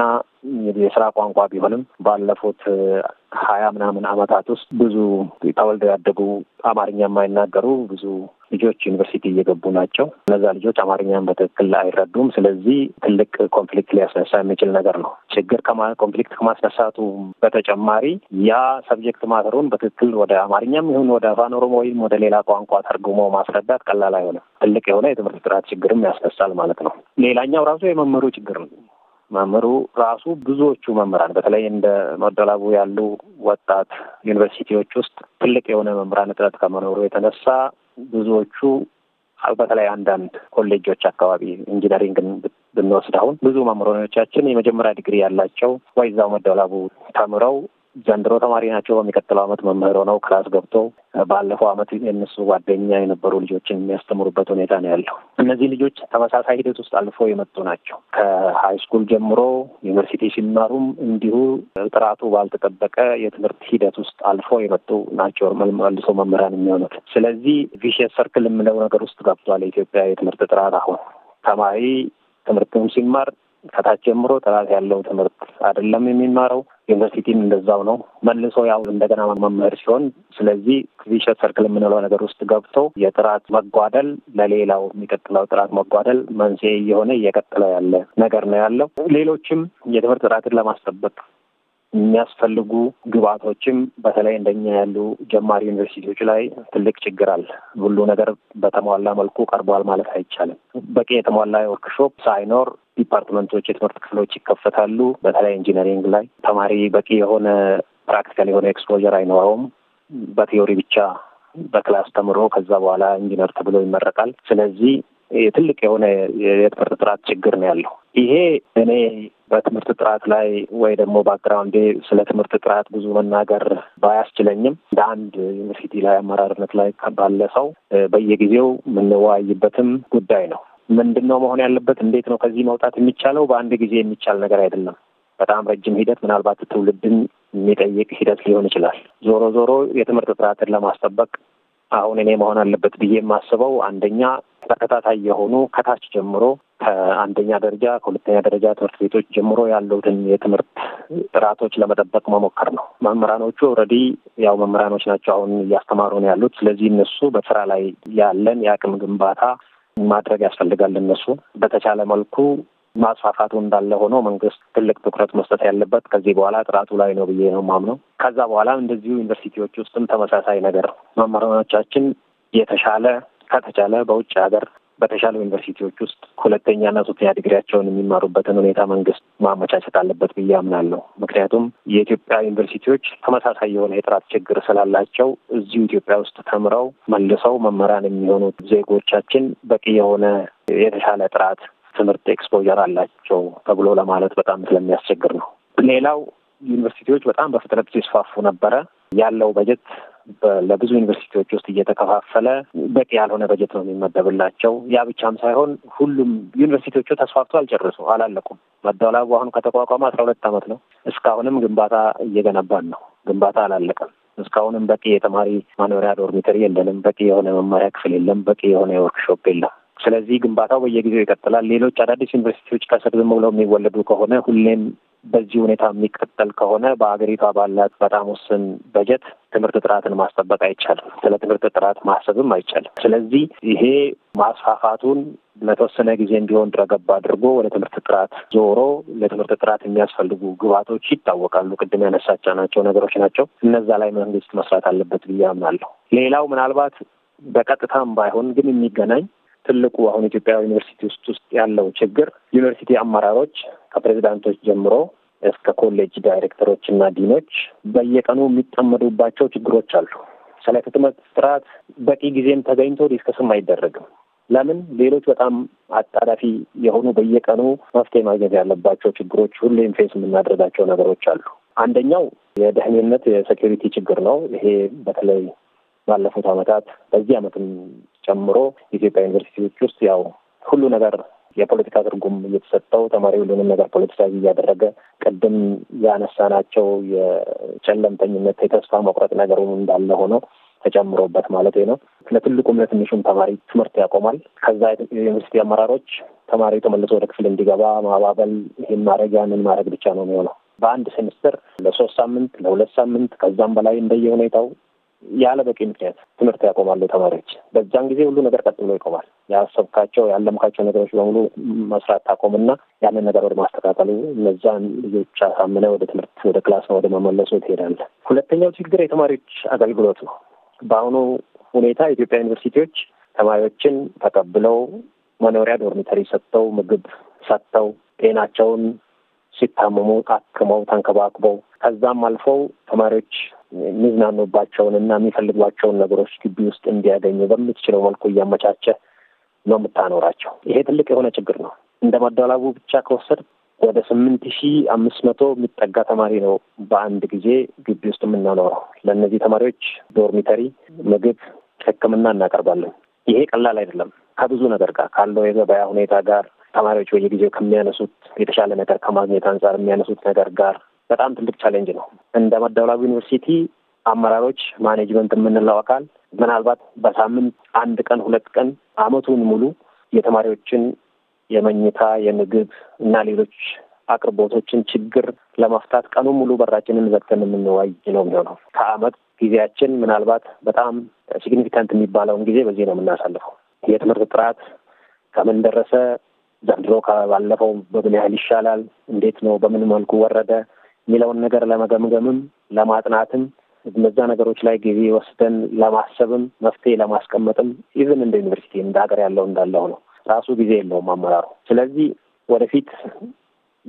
የስራ ቋንቋ ቢሆንም ባለፉት ሀያ ምናምን ዓመታት ውስጥ ብዙ ተወልደው ያደጉ አማርኛ የማይናገሩ ብዙ ልጆች ዩኒቨርሲቲ እየገቡ ናቸው። እነዛ ልጆች አማርኛን በትክክል አይረዱም። ስለዚህ ትልቅ ኮንፍሊክት ሊያስነሳ የሚችል ነገር ነው። ችግር ኮንፍሊክት ከማስነሳቱ በተጨማሪ ያ ሰብጀክት ማተሩን በትክክል ወደ አማርኛም ይሁን ወደ አፋን ኦሮሞ ወይም ወደ ሌላ ቋንቋ ተርጉሞ ማስረዳት ቀላል አይሆንም። ትልቅ የሆነ የትምህርት ጥራት ችግርም ያስነሳል ማለት ነው። ሌላኛው ራሱ የመምህሩ ችግር ነው። መምህሩ ራሱ ብዙዎቹ መምህራን በተለይ እንደ መደላቡ ያሉ ወጣት ዩኒቨርሲቲዎች ውስጥ ትልቅ የሆነ መምህራን እጥረት ከመኖሩ የተነሳ ብዙዎቹ በተለይ አንዳንድ ኮሌጆች አካባቢ ኢንጂነሪንግን ብንወስድ አሁን ብዙ መምህራኖቻችን የመጀመሪያ ዲግሪ ያላቸው ወይዛው መደላቡ ተምረው ዘንድሮ ተማሪ ናቸው። በሚቀጥለው አመት መምህር ሆነው ክላስ ገብተው ባለፈው አመት የእነሱ ጓደኛ የነበሩ ልጆችን የሚያስተምሩበት ሁኔታ ነው ያለው። እነዚህ ልጆች ተመሳሳይ ሂደት ውስጥ አልፎ የመጡ ናቸው። ከሀይ ስኩል ጀምሮ ዩኒቨርሲቲ ሲማሩም እንዲሁ ጥራቱ ባልተጠበቀ የትምህርት ሂደት ውስጥ አልፎ የመጡ ናቸው መልሶ መምህራን የሚሆኑት። ስለዚህ ቪሽየስ ሰርክል የምለው ነገር ውስጥ ገብቷል የኢትዮጵያ የትምህርት ጥራት አሁን ተማሪ ትምህርቱን ሲማር ከታች ጀምሮ ጥራት ያለው ትምህርት አይደለም የሚማረው። ዩኒቨርሲቲም እንደዛው ነው። መልሶ ያው እንደገና መምህር ሲሆን፣ ስለዚህ ቪሸስ ሰርክል የምንለው ነገር ውስጥ ገብቶ የጥራት መጓደል ለሌላው የሚቀጥለው ጥራት መጓደል መንስኤ እየሆነ እየቀጠለ ያለ ነገር ነው ያለው። ሌሎችም የትምህርት ጥራትን ለማስጠበቅ የሚያስፈልጉ ግብዓቶችም በተለይ እንደኛ ያሉ ጀማሪ ዩኒቨርሲቲዎች ላይ ትልቅ ችግር አለ። ሁሉ ነገር በተሟላ መልኩ ቀርቧል ማለት አይቻልም። በቂ የተሟላ ወርክሾፕ ሳይኖር ዲፓርትመንቶች፣ የትምህርት ክፍሎች ይከፈታሉ። በተለይ ኢንጂነሪንግ ላይ ተማሪ በቂ የሆነ ፕራክቲካል የሆነ ኤክስፖዠር አይኖረውም። በቲዮሪ ብቻ በክላስ ተምሮ ከዛ በኋላ ኢንጂነር ተብሎ ይመረቃል። ስለዚህ ትልቅ የሆነ የትምህርት ጥራት ችግር ነው ያለው። ይሄ እኔ በትምህርት ጥራት ላይ ወይ ደግሞ ባክግራውንዴ ስለ ትምህርት ጥራት ብዙ መናገር ባያስችለኝም እንደ አንድ ዩኒቨርሲቲ ላይ አመራርነት ላይ ባለ ሰው በየጊዜው የምንወያይበትም ጉዳይ ነው። ምንድን ነው መሆን ያለበት? እንዴት ነው ከዚህ መውጣት የሚቻለው? በአንድ ጊዜ የሚቻል ነገር አይደለም። በጣም ረጅም ሂደት፣ ምናልባት ትውልድን የሚጠይቅ ሂደት ሊሆን ይችላል። ዞሮ ዞሮ የትምህርት ጥራትን ለማስጠበቅ አሁን እኔ መሆን አለበት ብዬ የማስበው አንደኛ ተከታታይ የሆኑ ከታች ጀምሮ ከአንደኛ ደረጃ ከሁለተኛ ደረጃ ትምህርት ቤቶች ጀምሮ ያሉትን የትምህርት ጥራቶች ለመጠበቅ መሞከር ነው። መምህራኖቹ ኦልሬዲ ያው መምህራኖች ናቸው አሁን እያስተማሩ ነው ያሉት። ስለዚህ እነሱ በስራ ላይ ያለን የአቅም ግንባታ ማድረግ ያስፈልጋል። እነሱ በተቻለ መልኩ ማስፋፋቱ እንዳለ ሆኖ መንግስት ትልቅ ትኩረት መስጠት ያለበት ከዚህ በኋላ ጥራቱ ላይ ነው ብዬ ነው ማምነው። ከዛ በኋላ እንደዚሁ ዩኒቨርሲቲዎች ውስጥም ተመሳሳይ ነገር መምህራኖቻችን የተሻለ ከተቻለ በውጭ ሀገር በተሻለ ዩኒቨርሲቲዎች ውስጥ ሁለተኛና ሶስተኛ ዲግሪያቸውን የሚማሩበትን ሁኔታ መንግስት ማመቻቸት አለበት ብዬ አምናለሁ። ምክንያቱም የኢትዮጵያ ዩኒቨርሲቲዎች ተመሳሳይ የሆነ የጥራት ችግር ስላላቸው እዚሁ ኢትዮጵያ ውስጥ ተምረው መልሰው መምህራን የሚሆኑት ዜጎቻችን በቂ የሆነ የተሻለ ጥራት ትምህርት ኤክስፖዠር አላቸው ተብሎ ለማለት በጣም ስለሚያስቸግር ነው። ሌላው ዩኒቨርሲቲዎች በጣም በፍጥነት ሲስፋፉ ነበረ። ያለው በጀት ለብዙ ዩኒቨርሲቲዎች ውስጥ እየተከፋፈለ በቂ ያልሆነ በጀት ነው የሚመደብላቸው። ያ ብቻም ሳይሆን ሁሉም ዩኒቨርሲቲዎቹ ተስፋፍቶ አልጨረሱ፣ አላለቁም። መደወላቡ አሁን ከተቋቋመ አስራ ሁለት ዓመት ነው። እስካሁንም ግንባታ እየገነባን ነው። ግንባታ አላለቀም። እስካሁንም በቂ የተማሪ ማኖሪያ ዶርሚተሪ የለንም። በቂ የሆነ መማሪያ ክፍል የለም። በቂ የሆነ ወርክሾፕ የለም። ስለዚህ ግንባታው በየጊዜው ይቀጥላል። ሌሎች አዳዲስ ዩኒቨርሲቲዎች ከስር ዝም ብለው የሚወለዱ ከሆነ ሁሌም በዚህ ሁኔታ የሚቀጠል ከሆነ በሀገሪቷ ባላት በጣም ውስን በጀት ትምህርት ጥራትን ማስጠበቅ አይቻልም። ስለ ትምህርት ጥራት ማሰብም አይቻልም። ስለዚህ ይሄ ማስፋፋቱን ለተወሰነ ጊዜ እንዲሆን ድረገባ አድርጎ ወደ ትምህርት ጥራት ዞሮ ለትምህርት ጥራት የሚያስፈልጉ ግብዓቶች ይታወቃሉ። ቅድም ናቸው ነገሮች ናቸው። እነዛ ላይ መንግስት መስራት አለበት ብዬ አምናለሁ። ሌላው ምናልባት በቀጥታም ባይሆን ግን የሚገናኝ ትልቁ አሁን ኢትዮጵያ ዩኒቨርሲቲ ውስጥ ውስጥ ያለው ችግር ዩኒቨርሲቲ አመራሮች ከፕሬዚዳንቶች ጀምሮ እስከ ኮሌጅ ዳይሬክተሮች እና ዲኖች በየቀኑ የሚጠመዱባቸው ችግሮች አሉ። ስለ ትምህርት ጥራት በቂ ጊዜም ተገኝቶ ዲስከስም አይደረግም። ለምን ሌሎች በጣም አጣዳፊ የሆኑ በየቀኑ መፍትሄ ማግኘት ያለባቸው ችግሮች፣ ሁሌም ፌስ የምናደርጋቸው ነገሮች አሉ። አንደኛው የደህንነት የሴኪሪቲ ችግር ነው። ይሄ በተለይ ባለፉት ዓመታት በዚህ ዓመትም ጨምሮ የኢትዮጵያ ዩኒቨርሲቲዎች ውስጥ ያው ሁሉ ነገር የፖለቲካ ትርጉም እየተሰጠው ተማሪ ሁሉንም ነገር ፖለቲሳዊ እያደረገ ቅድም ያነሳናቸው የጨለምተኝነት የተስፋ መቁረጥ ነገሩ እንዳለ ሆኖ ተጨምሮበት ማለት ነው። ለትልቁም ለትንሹም ተማሪ ትምህርት ያቆማል። ከዛ የዩኒቨርሲቲ አመራሮች ተማሪ ተመልሶ ወደ ክፍል እንዲገባ ማባበል፣ ይህን ማድረግ ያንን ማድረግ ብቻ ነው የሚሆነው። በአንድ ሴምስተር ለሶስት ሳምንት ለሁለት ሳምንት ከዛም በላይ እንደየ ሁኔታው ያለ በቂ ምክንያት ትምህርት ያቆማሉ ተማሪዎች። በዛን ጊዜ ሁሉ ነገር ቀጥ ብሎ ይቆማል። ያሰብካቸው ያለምካቸው ነገሮች በሙሉ መስራት ታቆምና ያንን ነገር ወደ ማስተካከሉ እነዛን ልጆች አሳምነ ወደ ትምህርት ወደ ክላስ ወደ መመለሱ ትሄዳለ። ሁለተኛው ችግር የተማሪዎች አገልግሎት ነው። በአሁኑ ሁኔታ የኢትዮጵያ ዩኒቨርሲቲዎች ተማሪዎችን ተቀብለው መኖሪያ ዶርሚተሪ ሰጥተው ምግብ ሰጥተው ጤናቸውን ሲታመሙ አክመው ተንከባክበው ከዛም አልፈው ተማሪዎች የሚዝናኑባቸውን እና የሚፈልጓቸውን ነገሮች ግቢ ውስጥ እንዲያገኙ በምትችለው መልኩ እያመቻቸ ነው የምታኖራቸው። ይሄ ትልቅ የሆነ ችግር ነው። እንደ መደላቡ ብቻ ከወሰድ ወደ ስምንት ሺ አምስት መቶ የሚጠጋ ተማሪ ነው በአንድ ጊዜ ግቢ ውስጥ የምናኖረው። ለእነዚህ ተማሪዎች ዶርሚተሪ፣ ምግብ፣ ሕክምና እናቀርባለን። ይሄ ቀላል አይደለም። ከብዙ ነገር ጋር ካለው የገበያ ሁኔታ ጋር ተማሪዎች በየጊዜው ከሚያነሱት የተሻለ ነገር ከማግኘት አንጻር የሚያነሱት ነገር ጋር በጣም ትልቅ ቻሌንጅ ነው። እንደ መደወላቡ ዩኒቨርሲቲ አመራሮች፣ ማኔጅመንት የምንለው አካል ምናልባት በሳምንት አንድ ቀን ሁለት ቀን አመቱን ሙሉ የተማሪዎችን የመኝታ የምግብ እና ሌሎች አቅርቦቶችን ችግር ለመፍታት ቀኑ ሙሉ በራችንን ዘግተን የምንዋይ ነው የሚሆነው። ከአመት ጊዜያችን ምናልባት በጣም ሲግኒፊካንት የሚባለውን ጊዜ በዚህ ነው የምናሳልፈው። የትምህርት ጥራት ከምን ደረሰ ዘንድሮ ከባለፈው በምን ያህል ይሻላል? እንዴት ነው? በምን መልኩ ወረደ? የሚለውን ነገር ለመገምገምም ለማጥናትም እነዛ ነገሮች ላይ ጊዜ ወስደን ለማሰብም መፍትሄ ለማስቀመጥም ኢቭን እንደ ዩኒቨርሲቲ እንደ ሀገር ያለው እንዳለው ነው ራሱ ጊዜ የለውም አመራሩ። ስለዚህ ወደፊት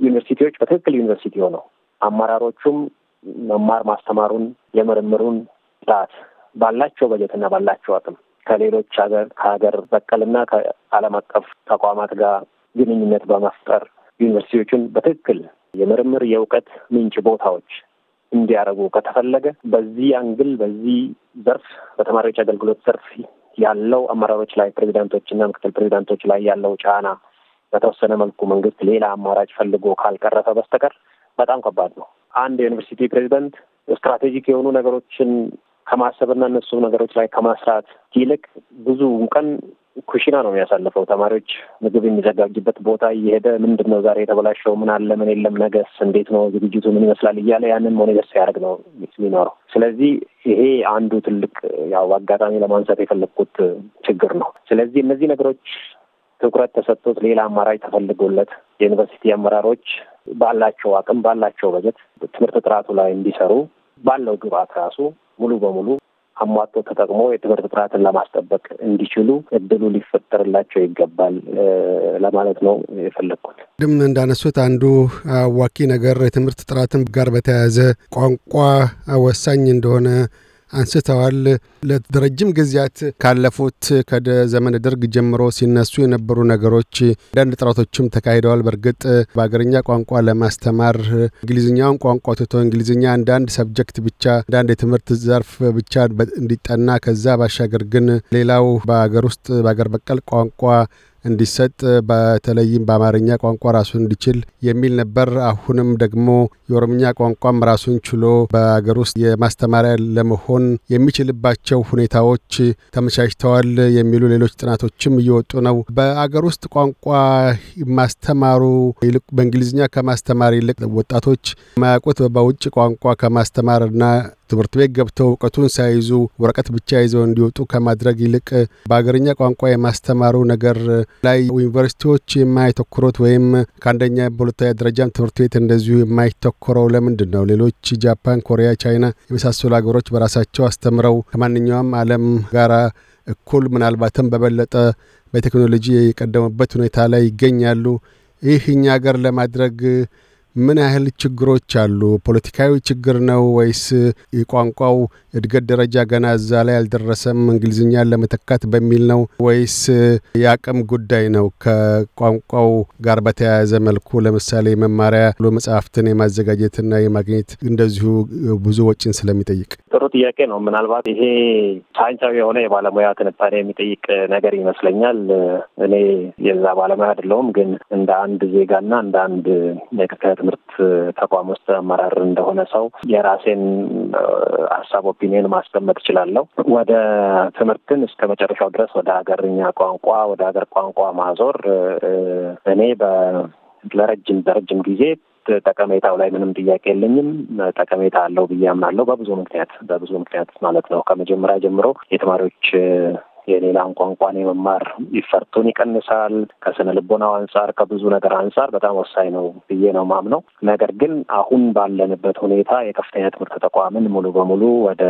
ዩኒቨርሲቲዎች በትክክል ዩኒቨርሲቲ ሆነው አመራሮቹም መማር ማስተማሩን የምርምሩን ጥራት ባላቸው በጀትና ባላቸው አቅም ከሌሎች ሀገር ከሀገር በቀልና ከዓለም አቀፍ ተቋማት ጋር ግንኙነት በመፍጠር ዩኒቨርሲቲዎቹን በትክክል የምርምር የእውቀት ምንጭ ቦታዎች እንዲያደርጉ ከተፈለገ በዚህ አንግል በዚህ ዘርፍ በተማሪዎች አገልግሎት ዘርፍ ያለው አመራሮች ላይ እና ምክትል ፕሬዚዳንቶች ላይ ያለው ጫና በተወሰነ መልኩ መንግስት ሌላ አማራጭ ፈልጎ ካልቀረፈ በስተቀር በጣም ከባድ ነው። አንድ የዩኒቨርሲቲ ፕሬዚደንት ስትራቴጂክ የሆኑ ነገሮችን ከማሰብና እነሱ ነገሮች ላይ ከማስራት ይልቅ ብዙ ቀን ኩሽና ነው የሚያሳልፈው። ተማሪዎች ምግብ የሚዘጋጅበት ቦታ እየሄደ ምንድን ነው ዛሬ የተበላሸው ምን አለ ምን የለም፣ ነገስ እንዴት ነው ዝግጅቱ ምን ይመስላል እያለ ያንን ሞኒተር ሲያደርግ ነው የሚኖረው። ስለዚህ ይሄ አንዱ ትልቅ ያው አጋጣሚ ለማንሳት የፈለግኩት ችግር ነው። ስለዚህ እነዚህ ነገሮች ትኩረት ተሰጥቶት ሌላ አማራጭ ተፈልጎለት የዩኒቨርሲቲ አመራሮች ባላቸው አቅም ባላቸው በጀት ትምህርት ጥራቱ ላይ እንዲሰሩ ባለው ግብአት ራሱ ሙሉ በሙሉ አሟጦ ተጠቅሞ የትምህርት ጥራትን ለማስጠበቅ እንዲችሉ እድሉ ሊፈጠርላቸው ይገባል ለማለት ነው የፈለግኩት። ድም እንዳነሱት አንዱ አዋኪ ነገር የትምህርት ጥራትን ጋር በተያያዘ ቋንቋ ወሳኝ እንደሆነ አንስተዋል። ለረጅም ጊዜያት ካለፉት ከዘመነ ደርግ ጀምሮ ሲነሱ የነበሩ ነገሮች፣ አንዳንድ ጥረቶችም ተካሂደዋል። በእርግጥ በአገርኛ ቋንቋ ለማስተማር እንግሊዝኛውን ቋንቋ ትቶ እንግሊዝኛ አንዳንድ ሰብጀክት ብቻ አንዳንድ የትምህርት ዘርፍ ብቻ እንዲጠና ከዛ ባሻገር ግን ሌላው በአገር ውስጥ በአገር በቀል ቋንቋ እንዲሰጥ በተለይም በአማርኛ ቋንቋ ራሱን እንዲችል የሚል ነበር። አሁንም ደግሞ የኦሮምኛ ቋንቋም ራሱን ችሎ በሀገር ውስጥ የማስተማሪያ ለመሆን የሚችልባቸው ሁኔታዎች ተመቻችተዋል የሚሉ ሌሎች ጥናቶችም እየወጡ ነው። በአገር ውስጥ ቋንቋ ማስተማሩ ይልቅ በእንግሊዝኛ ከማስተማር ይልቅ ወጣቶች ማያውቁት በውጭ ቋንቋ ከማስተማርና ትምህርት ቤት ገብተው እውቀቱን ሳይዙ ወረቀት ብቻ ይዘው እንዲወጡ ከማድረግ ይልቅ በሀገርኛ ቋንቋ የማስተማሩ ነገር ላይ ዩኒቨርሲቲዎች የማይተኩሩት ወይም ከአንደኛ በሁለተኛ ደረጃም ትምህርት ቤት እንደዚሁ የማይተኮረው ለምንድን ነው? ሌሎች ጃፓን፣ ኮሪያ፣ ቻይና የመሳሰሉ ሀገሮች በራሳቸው አስተምረው ከማንኛውም ዓለም ጋር እኩል ምናልባትም በበለጠ በቴክኖሎጂ የቀደሙበት ሁኔታ ላይ ይገኛሉ። ይህ እኛ ሀገር ለማድረግ ምን ያህል ችግሮች አሉ? ፖለቲካዊ ችግር ነው ወይስ የቋንቋው እድገት ደረጃ ገና እዛ ላይ አልደረሰም እንግሊዝኛን ለመተካት በሚል ነው ወይስ የአቅም ጉዳይ ነው? ከቋንቋው ጋር በተያያዘ መልኩ ለምሳሌ መማሪያ ብሎ መጽሐፍትን የማዘጋጀትና የማግኘት እንደዚሁ ብዙ ወጪን ስለሚጠይቅ ጥሩ ጥያቄ ነው። ምናልባት ይሄ ሳይንሳዊ የሆነ የባለሙያ ትንታኔ የሚጠይቅ ነገር ይመስለኛል። እኔ የዛ ባለሙያ አይደለሁም፣ ግን እንደ አንድ ዜጋና እንደ አንድ የትምህርት ተቋም ውስጥ አመራር እንደሆነ ሰው የራሴን ሀሳብ ኦፒኒየን ማስቀመጥ እችላለሁ። ወደ ትምህርትን እስከ መጨረሻው ድረስ ወደ ሀገርኛ ቋንቋ ወደ ሀገር ቋንቋ ማዞር እኔ ለረጅም በረጅም ጊዜ ጠቀሜታው ላይ ምንም ጥያቄ የለኝም። ጠቀሜታ አለው ብዬ አምናለሁ። በብዙ ምክንያት በብዙ ምክንያት ማለት ነው። ከመጀመሪያ ጀምሮ የተማሪዎች የሌላን ቋንቋን የመማር ይፈርቱን ይቀንሳል። ከስነ ልቦናው አንጻር፣ ከብዙ ነገር አንጻር በጣም ወሳኝ ነው ብዬ ነው ማምነው። ነገር ግን አሁን ባለንበት ሁኔታ የከፍተኛ ትምህርት ተቋምን ሙሉ በሙሉ ወደ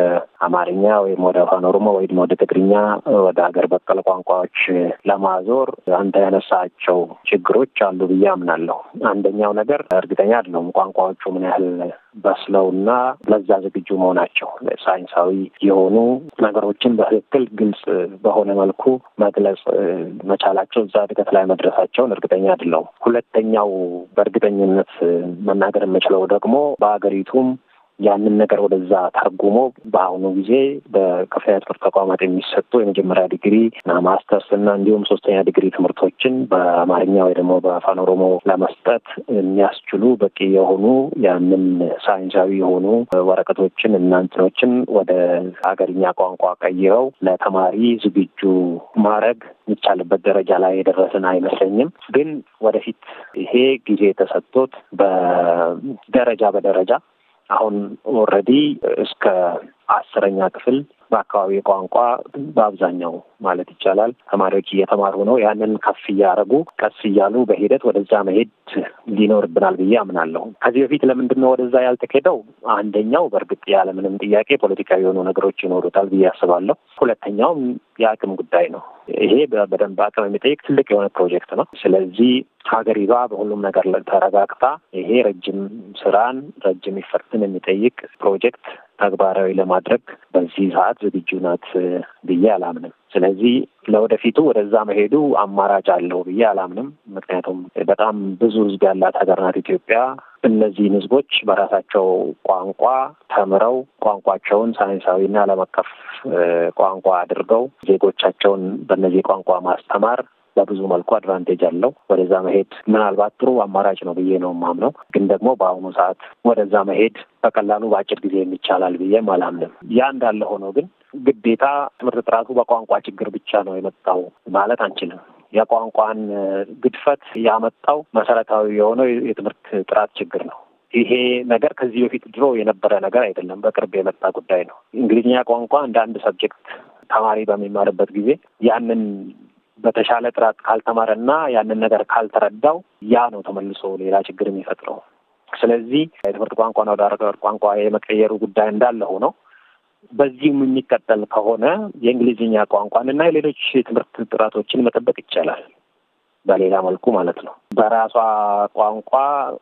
አማርኛ ወይም ወደ አፋን ኦሮሞ ወይም ወደ ትግርኛ ወደ ሀገር በቀል ቋንቋዎች ለማዞር አንተ ያነሳቸው ችግሮች አሉ ብዬ አምናለሁ። አንደኛው ነገር እርግጠኛ አይደለሁም ቋንቋዎቹ ምን ያህል በስለውና ለዛ ዝግጁ መሆናቸው ሳይንሳዊ የሆኑ ነገሮችን በትክክል ግልጽ በሆነ መልኩ መግለጽ መቻላቸው እዛ እድገት ላይ መድረሳቸውን እርግጠኛ አይደለሁም። ሁለተኛው በእርግጠኝነት መናገር የምችለው ደግሞ በሀገሪቱም ያንን ነገር ወደዛ ተርጉሞ በአሁኑ ጊዜ በከፍተኛ ትምህርት ተቋማት የሚሰጡ የመጀመሪያ ዲግሪ እና ማስተርስ እና እንዲሁም ሶስተኛ ዲግሪ ትምህርቶችን በአማርኛ ወይ ደግሞ በአፋን ኦሮሞ ለመስጠት የሚያስችሉ በቂ የሆኑ ያንን ሳይንሳዊ የሆኑ ወረቀቶችን እና እንትኖችን ወደ ሀገርኛ ቋንቋ ቀይረው ለተማሪ ዝግጁ ማድረግ የሚቻልበት ደረጃ ላይ የደረስን አይመስለኝም። ግን ወደፊት ይሄ ጊዜ ተሰጥቶት በደረጃ በደረጃ አሁን ኦልሬዲ እስከ አስረኛ ክፍል በአካባቢ ቋንቋ በአብዛኛው ማለት ይቻላል ተማሪዎች እየተማሩ ነው። ያንን ከፍ እያደረጉ ቀስ እያሉ በሂደት ወደዛ መሄድ ሊኖርብናል ብዬ አምናለሁ። ከዚህ በፊት ለምንድን ነው ወደዛ ያልተኬደው? አንደኛው በእርግጥ ያለምንም ጥያቄ ፖለቲካዊ የሆኑ ነገሮች ይኖሩታል ብዬ አስባለሁ። ሁለተኛውም የአቅም ጉዳይ ነው። ይሄ በደንብ አቅም የሚጠይቅ ትልቅ የሆነ ፕሮጀክት ነው። ስለዚህ ሀገሪቷ በሁሉም ነገር ተረጋግታ ይሄ ረጅም ስራን ረጅም ይፈርትን የሚጠይቅ ፕሮጀክት ተግባራዊ ለማድረግ በዚህ ሰዓት ዝግጁ ናት ብዬ አላምንም። ስለዚህ ለወደፊቱ ወደዛ መሄዱ አማራጭ አለው ብዬ አላምንም። ምክንያቱም በጣም ብዙ ሕዝብ ያላት ሀገር ናት ኢትዮጵያ። እነዚህን ሕዝቦች በራሳቸው ቋንቋ ተምረው ቋንቋቸውን ሳይንሳዊና ዓለም አቀፍ ቋንቋ አድርገው ዜጎቻቸውን በእነዚህ ቋንቋ ማስተማር በብዙ መልኩ አድቫንቴጅ አለው። ወደዛ መሄድ ምናልባት ጥሩ አማራጭ ነው ብዬ ነው የማምነው። ግን ደግሞ በአሁኑ ሰዓት ወደዛ መሄድ በቀላሉ በአጭር ጊዜ የሚቻላል ብዬም አላምንም። ያ እንዳለ ሆኖ ግን ግዴታ ትምህርት ጥራቱ በቋንቋ ችግር ብቻ ነው የመጣው ማለት አንችልም። የቋንቋን ግድፈት ያመጣው መሰረታዊ የሆነው የትምህርት ጥራት ችግር ነው። ይሄ ነገር ከዚህ በፊት ድሮ የነበረ ነገር አይደለም፣ በቅርብ የመጣ ጉዳይ ነው። እንግሊዝኛ ቋንቋ እንደ አንድ ሰብጀክት ተማሪ በሚማርበት ጊዜ ያንን በተሻለ ጥራት ካልተማረ እና ያንን ነገር ካልተረዳው ያ ነው ተመልሶ ሌላ ችግር የሚፈጥረው። ስለዚህ የትምህርት ቋንቋና ወደ አገር ቋንቋ የመቀየሩ ጉዳይ እንዳለ ሆኖ በዚህም የሚቀጠል ከሆነ የእንግሊዝኛ ቋንቋን እና የሌሎች የትምህርት ጥራቶችን መጠበቅ ይቻላል፣ በሌላ መልኩ ማለት ነው። በራሷ ቋንቋ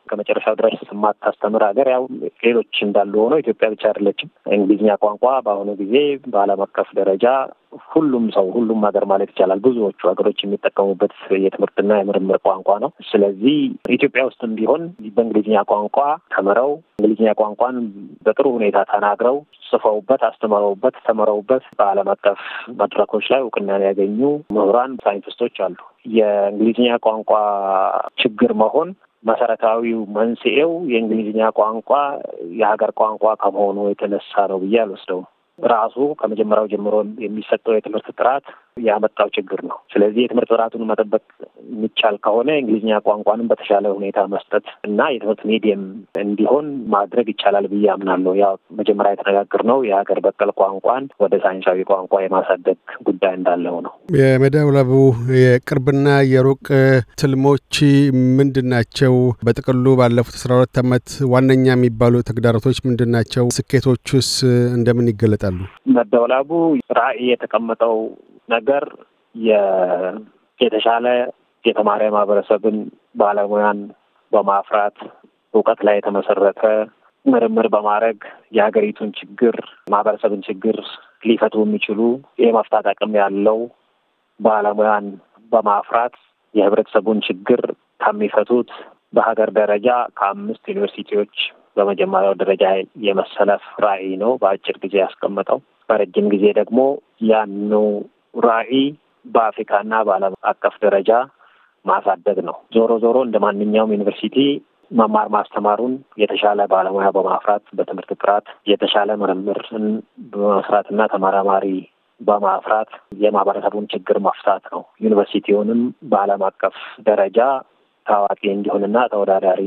ከመጨረሻው ድረስ የማታስተምር ሀገር ያው ሌሎች እንዳሉ ሆነው ኢትዮጵያ ብቻ አይደለችም። እንግሊዝኛ ቋንቋ በአሁኑ ጊዜ በዓለም አቀፍ ደረጃ ሁሉም ሰው ሁሉም ሀገር ማለት ይቻላል ብዙዎቹ ሀገሮች የሚጠቀሙበት የትምህርትና የምርምር ቋንቋ ነው። ስለዚህ ኢትዮጵያ ውስጥም ቢሆን በእንግሊዝኛ ቋንቋ ተምረው እንግሊዝኛ ቋንቋን በጥሩ ሁኔታ ተናግረው ጽፈውበት፣ አስተምረውበት፣ ተምረውበት በዓለም አቀፍ መድረኮች ላይ እውቅናን ያገኙ ምሁራን፣ ሳይንቲስቶች አሉ። የእንግሊዝኛ ቋንቋ ችግር መሆን መሰረታዊው መንስኤው የእንግሊዝኛ ቋንቋ የሀገር ቋንቋ ከመሆኑ የተነሳ ነው ብዬ አልወስደውም። ራሱ ከመጀመሪያው ጀምሮ የሚሰጠው የትምህርት ጥራት ያመጣው ችግር ነው። ስለዚህ የትምህርት ጥራቱን መጠበቅ የሚቻል ከሆነ እንግሊዝኛ ቋንቋንም በተሻለ ሁኔታ መስጠት እና የትምህርት ሚዲየም እንዲሆን ማድረግ ይቻላል ብዬ አምናለሁ። ያው መጀመሪያ የተነጋገርነው የሀገር በቀል ቋንቋን ወደ ሳይንሳዊ ቋንቋ የማሳደግ ጉዳይ እንዳለው ነው። የመደብለቡ የቅርብና የሩቅ ትልሞች ምንድን ናቸው? በጥቅሉ ባለፉት አስራ ሁለት ዓመት ዋነኛ የሚባሉ ተግዳሮቶች ምንድን ናቸው? ስኬቶቹስ እንደምን ይገለጣሉ? መደብላቡ ራዕይ የተቀመጠው ነገር ሀገር የተሻለ የተማሪ ማህበረሰብን ባለሙያን በማፍራት እውቀት ላይ የተመሰረተ ምርምር በማድረግ የሀገሪቱን ችግር ማህበረሰብን ችግር ሊፈቱ የሚችሉ የመፍታት አቅም ያለው ባለሙያን በማፍራት የህብረተሰቡን ችግር ከሚፈቱት በሀገር ደረጃ ከአምስት ዩኒቨርሲቲዎች በመጀመሪያው ደረጃ የመሰለፍ ራዕይ ነው በአጭር ጊዜ ያስቀመጠው። በረጅም ጊዜ ደግሞ ያኑ ራዕይ በአፍሪካና በዓለም አቀፍ ደረጃ ማሳደግ ነው። ዞሮ ዞሮ እንደ ማንኛውም ዩኒቨርሲቲ መማር ማስተማሩን የተሻለ ባለሙያ በማፍራት በትምህርት ጥራት የተሻለ ምርምርን በመስራትና ተመራማሪ በማፍራት የማህበረሰቡን ችግር መፍታት ነው። ዩኒቨርሲቲውንም በዓለም አቀፍ ደረጃ ታዋቂ እንዲሆንና ተወዳዳሪ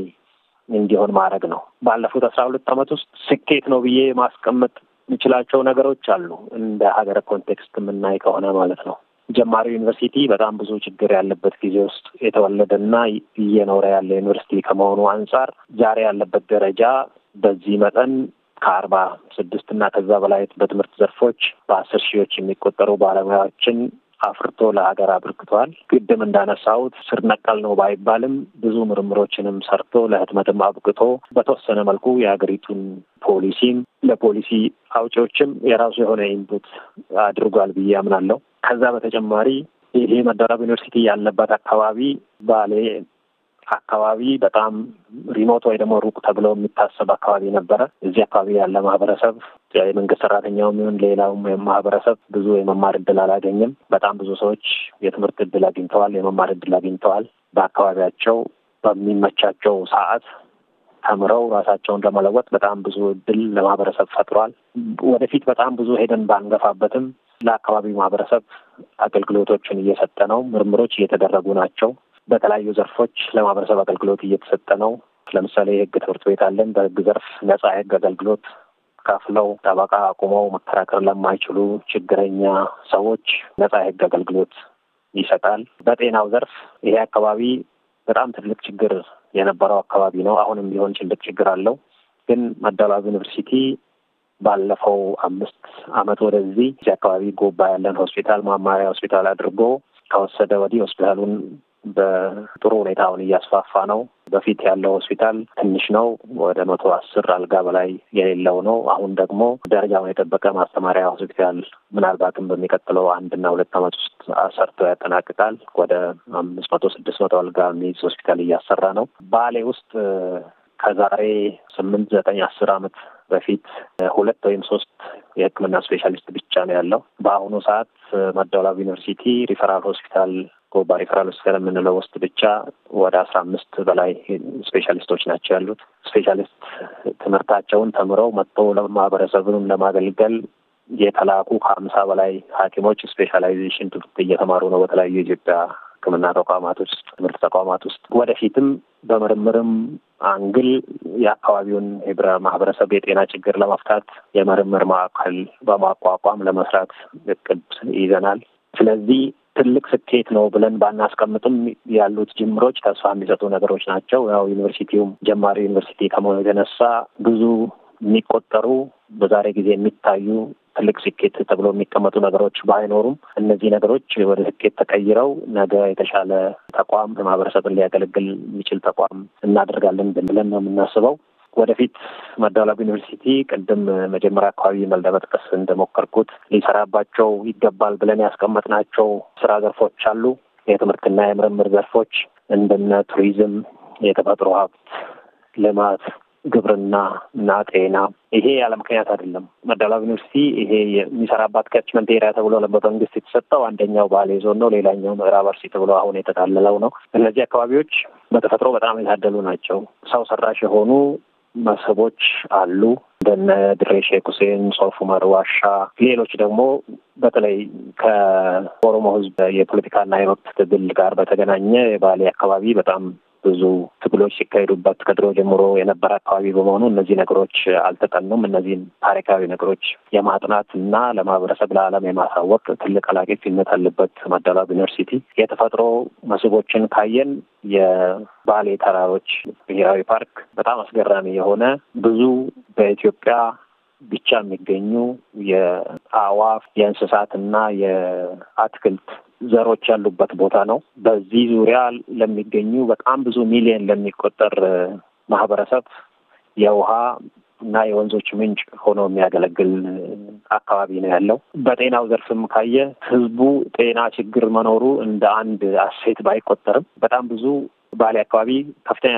እንዲሆን ማድረግ ነው። ባለፉት አስራ ሁለት ዓመት ውስጥ ስኬት ነው ብዬ ማስቀመጥ የሚችላቸው ነገሮች አሉ። እንደ ሀገር ኮንቴክስት የምናይ ከሆነ ማለት ነው። ጀማሪው ዩኒቨርሲቲ በጣም ብዙ ችግር ያለበት ጊዜ ውስጥ የተወለደና እየኖረ ያለ ዩኒቨርሲቲ ከመሆኑ አንጻር ዛሬ ያለበት ደረጃ በዚህ መጠን ከአርባ ስድስት እና ከዛ በላይ በትምህርት ዘርፎች በአስር ሺዎች የሚቆጠሩ ባለሙያዎችን አፍርቶ ለሀገር አብርክቷል። ግድም እንዳነሳሁት ስር ነቀል ነው ባይባልም ብዙ ምርምሮችንም ሰርቶ ለህትመትም አብቅቶ በተወሰነ መልኩ የሀገሪቱን ፖሊሲም ለፖሊሲ አውጪዎችም የራሱ የሆነ ኢንፑት አድርጓል ብዬ አምናለሁ። ከዛ በተጨማሪ ይሄ መደራብ ዩኒቨርሲቲ ያለበት አካባቢ ባሌ አካባቢ በጣም ሪሞት ወይ ደግሞ ሩቅ ተብሎ የሚታሰብ አካባቢ ነበረ። እዚህ አካባቢ ያለ ማህበረሰብ የመንግስት ሰራተኛውም ይሁን ሌላውም ማህበረሰብ ብዙ የመማር እድል አላገኘም። በጣም ብዙ ሰዎች የትምህርት እድል አግኝተዋል፣ የመማር እድል አግኝተዋል። በአካባቢያቸው በሚመቻቸው ሰዓት ተምረው ራሳቸውን ለመለወጥ በጣም ብዙ እድል ለማህበረሰብ ፈጥሯል። ወደፊት በጣም ብዙ ሄደን ባንገፋበትም ለአካባቢው ማህበረሰብ አገልግሎቶችን እየሰጠ ነው። ምርምሮች እየተደረጉ ናቸው። በተለያዩ ዘርፎች ለማህበረሰብ አገልግሎት እየተሰጠ ነው። ለምሳሌ የህግ ትምህርት ቤት አለን። በህግ ዘርፍ ነጻ የህግ አገልግሎት ከፍለው ጠበቃ አቁመው መከራከር ለማይችሉ ችግረኛ ሰዎች ነጻ የህግ አገልግሎት ይሰጣል። በጤናው ዘርፍ ይሄ አካባቢ በጣም ትልቅ ችግር የነበረው አካባቢ ነው። አሁንም ቢሆን ትልቅ ችግር አለው። ግን መደላብ ዩኒቨርሲቲ ባለፈው አምስት አመት ወደዚህ እዚህ አካባቢ ጎባ ያለን ሆስፒታል ማማሪያ ሆስፒታል አድርጎ ከወሰደ ወዲህ ሆስፒታሉን በጥሩ ሁኔታ አሁን እያስፋፋ ነው። በፊት ያለው ሆስፒታል ትንሽ ነው፣ ወደ መቶ አስር አልጋ በላይ የሌለው ነው። አሁን ደግሞ ደረጃውን የጠበቀ ማስተማሪያ ሆስፒታል ምናልባትም በሚቀጥለው አንድና ሁለት ዓመት ውስጥ ሰርቶ ያጠናቅቃል። ወደ አምስት መቶ ስድስት መቶ አልጋ የሚይዝ ሆስፒታል እያሰራ ነው። ባሌ ውስጥ ከዛሬ ስምንት ዘጠኝ አስር ዓመት በፊት ሁለት ወይም ሶስት የሕክምና ስፔሻሊስት ብቻ ነው ያለው። በአሁኑ ሰዓት መደወላቡ ዩኒቨርሲቲ ሪፈራል ሆስፒታል በሪፈራል ሆስፒታል የምንለው ውስጥ ብቻ ወደ አስራ አምስት በላይ ስፔሻሊስቶች ናቸው ያሉት። ስፔሻሊስት ትምህርታቸውን ተምረው መጥተው ለማህበረሰብንም ለማገልገል የተላኩ ከአምሳ በላይ ሐኪሞች ስፔሻላይዜሽን ትምህርት እየተማሩ ነው በተለያዩ የኢትዮጵያ ሕክምና ተቋማት ውስጥ ትምህርት ተቋማት ውስጥ ወደፊትም በምርምርም አንግል የአካባቢውን ህብረ ማህበረሰብ የጤና ችግር ለመፍታት የምርምር ማዕከል በማቋቋም ለመስራት እቅድ ይዘናል። ስለዚህ ትልቅ ስኬት ነው ብለን ባናስቀምጥም ያሉት ጅምሮች ተስፋ የሚሰጡ ነገሮች ናቸው። ያው ዩኒቨርሲቲውም ጀማሪ ዩኒቨርሲቲ ከመሆኑ የተነሳ ብዙ የሚቆጠሩ በዛሬ ጊዜ የሚታዩ ትልቅ ስኬት ተብሎ የሚቀመጡ ነገሮች ባይኖሩም እነዚህ ነገሮች ወደ ስኬት ተቀይረው ነገ የተሻለ ተቋም ማህበረሰብን ሊያገለግል የሚችል ተቋም እናደርጋለን ብለን ነው የምናስበው። ወደፊት መዳወላቡ ዩኒቨርሲቲ ቅድም መጀመሪያ አካባቢ መልዳ መጥቀስ እንደሞከርኩት ሊሰራባቸው ይገባል ብለን ያስቀመጥናቸው ስራ ዘርፎች አሉ። የትምህርትና የምርምር ዘርፎች እንደነ ቱሪዝም፣ የተፈጥሮ ሀብት ልማት፣ ግብርና እና ጤና። ይሄ ያለ ምክንያት አይደለም። መዳወላቡ ዩኒቨርሲቲ ይሄ የሚሰራባት ካችመንት ኤሪያ ተብሎ በመንግስት የተሰጠው አንደኛው ባሌ ዞን ነው፣ ሌላኛው ምዕራብ አርሲ ተብሎ አሁን የተጣለለው ነው። እነዚህ አካባቢዎች በተፈጥሮ በጣም የታደሉ ናቸው። ሰው ሰራሽ የሆኑ መሰቦች አሉ እንደነ ድሬ ሼክ ሁሴን፣ ሶፍ ዑመር ዋሻ፣ ሌሎች ደግሞ በተለይ ከኦሮሞ ሕዝብ የፖለቲካና የመብት ትግል ጋር በተገናኘ የባሌ አካባቢ በጣም ብዙ ትግሎች ሲካሄዱበት ከድሮ ጀምሮ የነበረ አካባቢ በመሆኑ እነዚህ ነገሮች አልተጠኑም። እነዚህን ታሪካዊ ነገሮች የማጥናት እና ለማህበረሰብ ለዓለም የማሳወቅ ትልቅ ኃላፊነት አለበት ማዳላብ ዩኒቨርሲቲ። የተፈጥሮ መስህቦችን ካየን የባሌ ተራሮች ብሔራዊ ፓርክ በጣም አስገራሚ የሆነ ብዙ በኢትዮጵያ ብቻ የሚገኙ የአዋፍ የእንስሳት እና የአትክልት ዘሮች ያሉበት ቦታ ነው። በዚህ ዙሪያ ለሚገኙ በጣም ብዙ ሚሊዮን ለሚቆጠር ማህበረሰብ የውሃ እና የወንዞች ምንጭ ሆኖ የሚያገለግል አካባቢ ነው ያለው። በጤናው ዘርፍም ካየ ህዝቡ ጤና ችግር መኖሩ እንደ አንድ አሴት ባይቆጠርም በጣም ብዙ ባሌ አካባቢ ከፍተኛ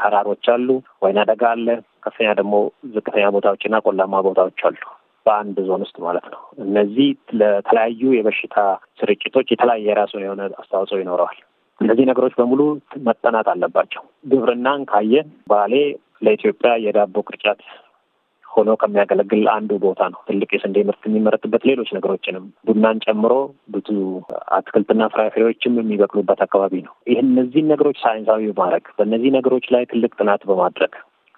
ተራሮች አሉ፣ ወይና ደጋ አለ፣ ከፍተኛ ደግሞ ዝቅተኛ ቦታዎችና ቆላማ ቦታዎች አሉ። በአንድ ዞን ውስጥ ማለት ነው። እነዚህ ለተለያዩ የበሽታ ስርጭቶች የተለያየ የራሱ የሆነ አስተዋጽኦ ይኖረዋል። እነዚህ ነገሮች በሙሉ መጠናት አለባቸው። ግብርናን ካየን ባሌ ለኢትዮጵያ የዳቦ ቅርጫት ሆኖ ከሚያገለግል አንዱ ቦታ ነው። ትልቅ የስንዴ ምርት የሚመረትበት ሌሎች ነገሮችንም ቡናን ጨምሮ ብዙ አትክልትና ፍራፍሬዎችም የሚበቅሉበት አካባቢ ነው። ይህ እነዚህን ነገሮች ሳይንሳዊ በማድረግ በእነዚህ ነገሮች ላይ ትልቅ ጥናት በማድረግ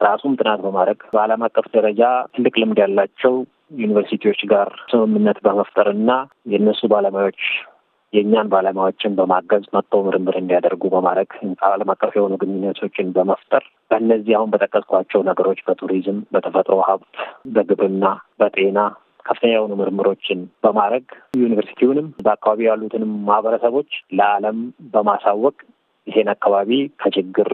ራሱም ጥናት በማድረግ በዓለም አቀፍ ደረጃ ትልቅ ልምድ ያላቸው ዩኒቨርሲቲዎች ጋር ስምምነት በመፍጠር እና የእነሱ ባለሙያዎች የእኛን ባለሙያዎችን በማገዝ መጥተው ምርምር እንዲያደርጉ በማድረግ ዓለም አቀፍ የሆኑ ግንኙነቶችን በመፍጠር በእነዚህ አሁን በጠቀስኳቸው ነገሮች በቱሪዝም፣ በተፈጥሮ ሀብት፣ በግብርና፣ በጤና ከፍተኛ የሆኑ ምርምሮችን በማድረግ ዩኒቨርሲቲውንም በአካባቢ ያሉትንም ማህበረሰቦች ለዓለም በማሳወቅ ይሄን አካባቢ ከችግር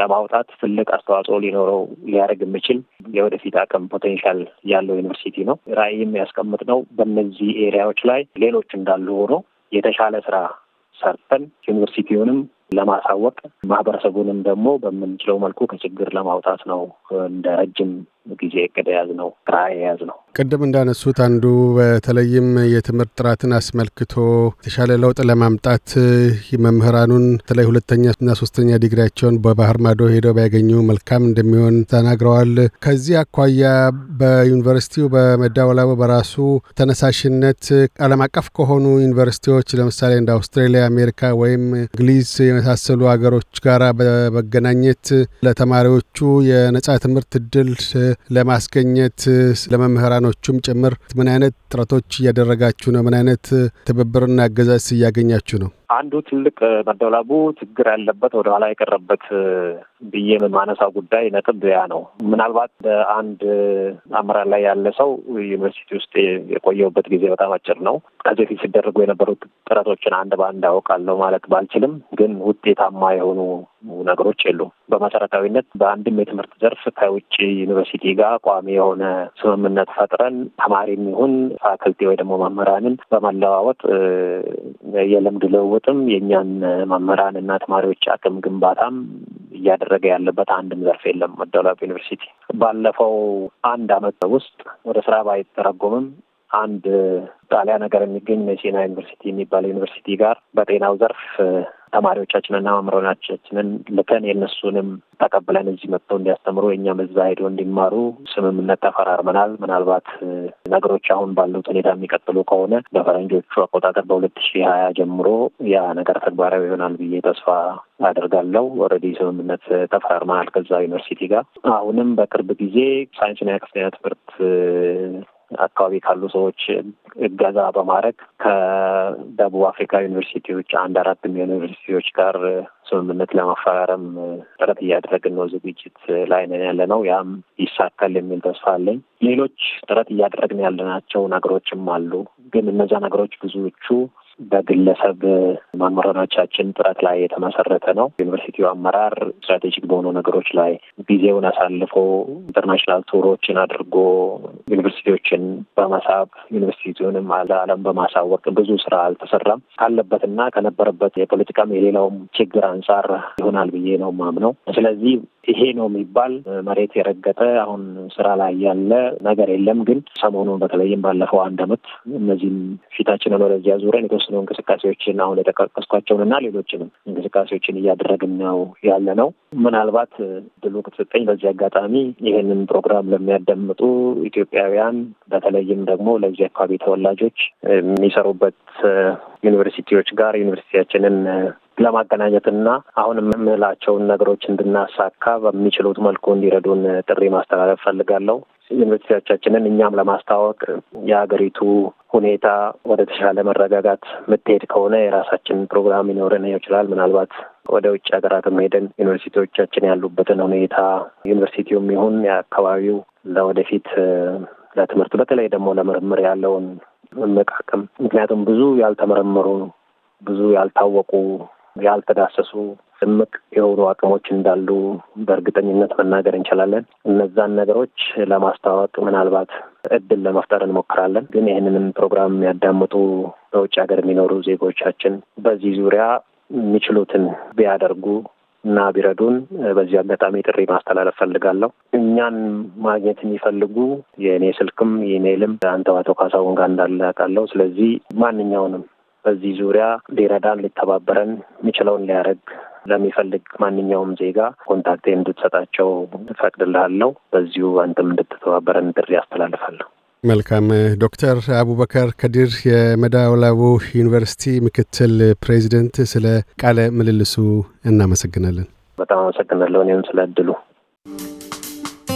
ለማውጣት ትልቅ አስተዋጽኦ ሊኖረው ሊያደርግ የሚችል የወደፊት አቅም ፖቴንሻል ያለው ዩኒቨርሲቲ ነው። ራዕይም ያስቀምጥ ነው በእነዚህ ኤሪያዎች ላይ ሌሎች እንዳሉ ሆኖ የተሻለ ስራ ሰርተን ዩኒቨርሲቲውንም ለማሳወቅ ማህበረሰቡንም ደግሞ በምንችለው መልኩ ከችግር ለማውጣት ነው እንደ ረጅም ጊዜ እቅድ የያዝነው ስራ የያዝነው። ቅድም እንዳነሱት አንዱ በተለይም የትምህርት ጥራትን አስመልክቶ የተሻለ ለውጥ ለማምጣት መምህራኑን በተለይ ሁለተኛ እና ሶስተኛ ዲግሪያቸውን በባህር ማዶ ሄደው ቢያገኙ መልካም እንደሚሆን ተናግረዋል። ከዚህ አኳያ በዩኒቨርሲቲው በመደወላቡ በራሱ ተነሳሽነት ዓለም አቀፍ ከሆኑ ዩኒቨርሲቲዎች ለምሳሌ እንደ አውስትራሊያ፣ አሜሪካ ወይም እንግሊዝ የመሳሰሉ ሀገሮች ጋር በመገናኘት ለተማሪዎቹ የነጻ ትምህርት እድል ለማስገኘት ለመምህራኖቹም ጭምር ምን አይነት ጥረቶች እያደረጋችሁ ነው? ምን አይነት ትብብርና አገዛዝ እያገኛችሁ ነው? አንዱ ትልቅ መደብላቡ ችግር ያለበት ወደኋላ የቀረበት ብዬ ምን ማነሳ ጉዳይ ነጥብ ያ ነው። ምናልባት አንድ አመራር ላይ ያለ ሰው ዩኒቨርሲቲ ውስጥ የቆየሁበት ጊዜ በጣም አጭር ነው። ከዚህ በፊት ሲደረጉ የነበሩት ጥረቶችን አንድ በአንድ አውቃለሁ ማለት ባልችልም፣ ግን ውጤታማ የሆኑ ነገሮች የሉም። በመሰረታዊነት በአንድም የትምህርት ዘርፍ ከውጭ ዩኒቨርሲቲ ጋር ቋሚ የሆነ ስምምነት ፈጥረን ተማሪም ይሁን ፋክልቲ ወይ ደግሞ መምህራንን በመለዋወጥ የልምድ ልውውጥ ለመለወጥም የእኛን መምህራን እና ተማሪዎች አቅም ግንባታም እያደረገ ያለበት አንድም ዘርፍ የለም። መደወላብ ዩኒቨርሲቲ ባለፈው አንድ አመት ውስጥ ወደ ስራ ባይተረጎምም አንድ ጣሊያ ነገር የሚገኝ መሲና ዩኒቨርሲቲ የሚባል ዩኒቨርሲቲ ጋር በጤናው ዘርፍ ተማሪዎቻችንና መምህራናችንን ልከን የእነሱንም ተቀብለን እዚህ መጥተው እንዲያስተምሩ የእኛም እዛ ሄዶ እንዲማሩ ስምምነት ተፈራርመናል። ምናልባት ነገሮች አሁን ባሉት ሁኔታ የሚቀጥሉ ከሆነ በፈረንጆቹ አቆጣጠር በሁለት ሺህ ሀያ ጀምሮ ያ ነገር ተግባራዊ ይሆናል ብዬ ተስፋ አደርጋለሁ። ኦልሬዲ ስምምነት ተፈራርመናል ከዛ ዩኒቨርሲቲ ጋር። አሁንም በቅርብ ጊዜ ሳይንስና የከፍተኛ ትምህርት አካባቢ ካሉ ሰዎች እገዛ በማድረግ ከደቡብ አፍሪካ ዩኒቨርሲቲዎች አንድ አራት የሚሆኑ ዩኒቨርሲቲዎች ጋር ስምምነት ለማፈራረም ጥረት እያደረግን ነው። ዝግጅት ላይ ነን ያለ ነው። ያም ይሳካል የሚል ተስፋ አለኝ። ሌሎች ጥረት እያደረግን ያለናቸው ነገሮችም አሉ። ግን እነዚያ ነገሮች ብዙዎቹ በግለሰብ መምህራኖቻችን ጥረት ላይ የተመሰረተ ነው። ዩኒቨርሲቲው አመራር ስትራቴጂክ በሆኑ ነገሮች ላይ ጊዜውን አሳልፎ ኢንተርናሽናል ቱሮችን አድርጎ ዩኒቨርሲቲዎችን በመሳብ ዩኒቨርሲቲውንም ለዓለም በማሳወቅ ብዙ ስራ አልተሰራም። ካለበትና ከነበረበት የፖለቲካም የሌላውም ችግር አንጻር ይሆናል ብዬ ነው ማምነው። ስለዚህ ይሄ ነው የሚባል መሬት የረገጠ አሁን ስራ ላይ ያለ ነገር የለም። ግን ሰሞኑን በተለይም ባለፈው አንድ አመት እነዚህም ፊታችንን ወደዚያ ዙረን የተወሰኑ እንቅስቃሴዎችን አሁን የጠቀስኳቸውን እና ሌሎችንም እንቅስቃሴዎችን እያደረግን ነው ያለ ነው። ምናልባት ድሉ ክትሰጠኝ በዚህ አጋጣሚ ይህንን ፕሮግራም ለሚያዳምጡ ኢትዮጵያውያን በተለይም ደግሞ ለዚህ አካባቢ ተወላጆች የሚሰሩበት ዩኒቨርሲቲዎች ጋር ዩኒቨርሲቲያችንን ለማገናኘትና አሁን የምንላቸውን ነገሮች እንድናሳካ በሚችሉት መልኩ እንዲረዱን ጥሪ ማስተላለፍ ፈልጋለሁ። ዩኒቨርሲቲዎቻችንን እኛም ለማስተዋወቅ የሀገሪቱ ሁኔታ ወደ ተሻለ መረጋጋት ምትሄድ ከሆነ የራሳችን ፕሮግራም ሊኖረን ይችላል። ምናልባት ወደ ውጭ ሀገራትም ሄደን ዩኒቨርሲቲዎቻችን ያሉበትን ሁኔታ ዩኒቨርሲቲውም ይሁን የአካባቢው ለወደፊት ለትምህርት በተለይ ደግሞ ለምርምር ያለውን መቃቅም ምክንያቱም ብዙ ያልተመረመሩ ብዙ ያልታወቁ ያልተዳሰሱ ድምቅ የሆኑ አቅሞች እንዳሉ በእርግጠኝነት መናገር እንችላለን። እነዛን ነገሮች ለማስተዋወቅ ምናልባት እድል ለመፍጠር እንሞክራለን። ግን ይህንንም ፕሮግራም የሚያዳምጡ በውጭ ሀገር የሚኖሩ ዜጎቻችን በዚህ ዙሪያ የሚችሉትን ቢያደርጉ እና ቢረዱን በዚህ አጋጣሚ ጥሪ ማስተላለፍ ፈልጋለሁ። እኛን ማግኘት የሚፈልጉ የእኔ ስልክም ኢሜይልም አንተው አቶ ካሳሁን ጋር እንዳለ ስለዚህ ማንኛውንም በዚህ ዙሪያ ሊረዳን ሊተባበረን የሚችለውን ሊያደርግ ለሚፈልግ ማንኛውም ዜጋ ኮንታክቴ እንድትሰጣቸው ፈቅድልሃለሁ። በዚሁ አንተም እንድትተባበረን ጥሪ ያስተላልፋለሁ። መልካም ዶክተር አቡበከር ከዲር የመዳ ዩኒቨርሲቲ ምክትል ፕሬዚደንት፣ ስለ ቃለ ምልልሱ እናመሰግናለን። በጣም አመሰግናለሁ እኔም ስለ እድሉ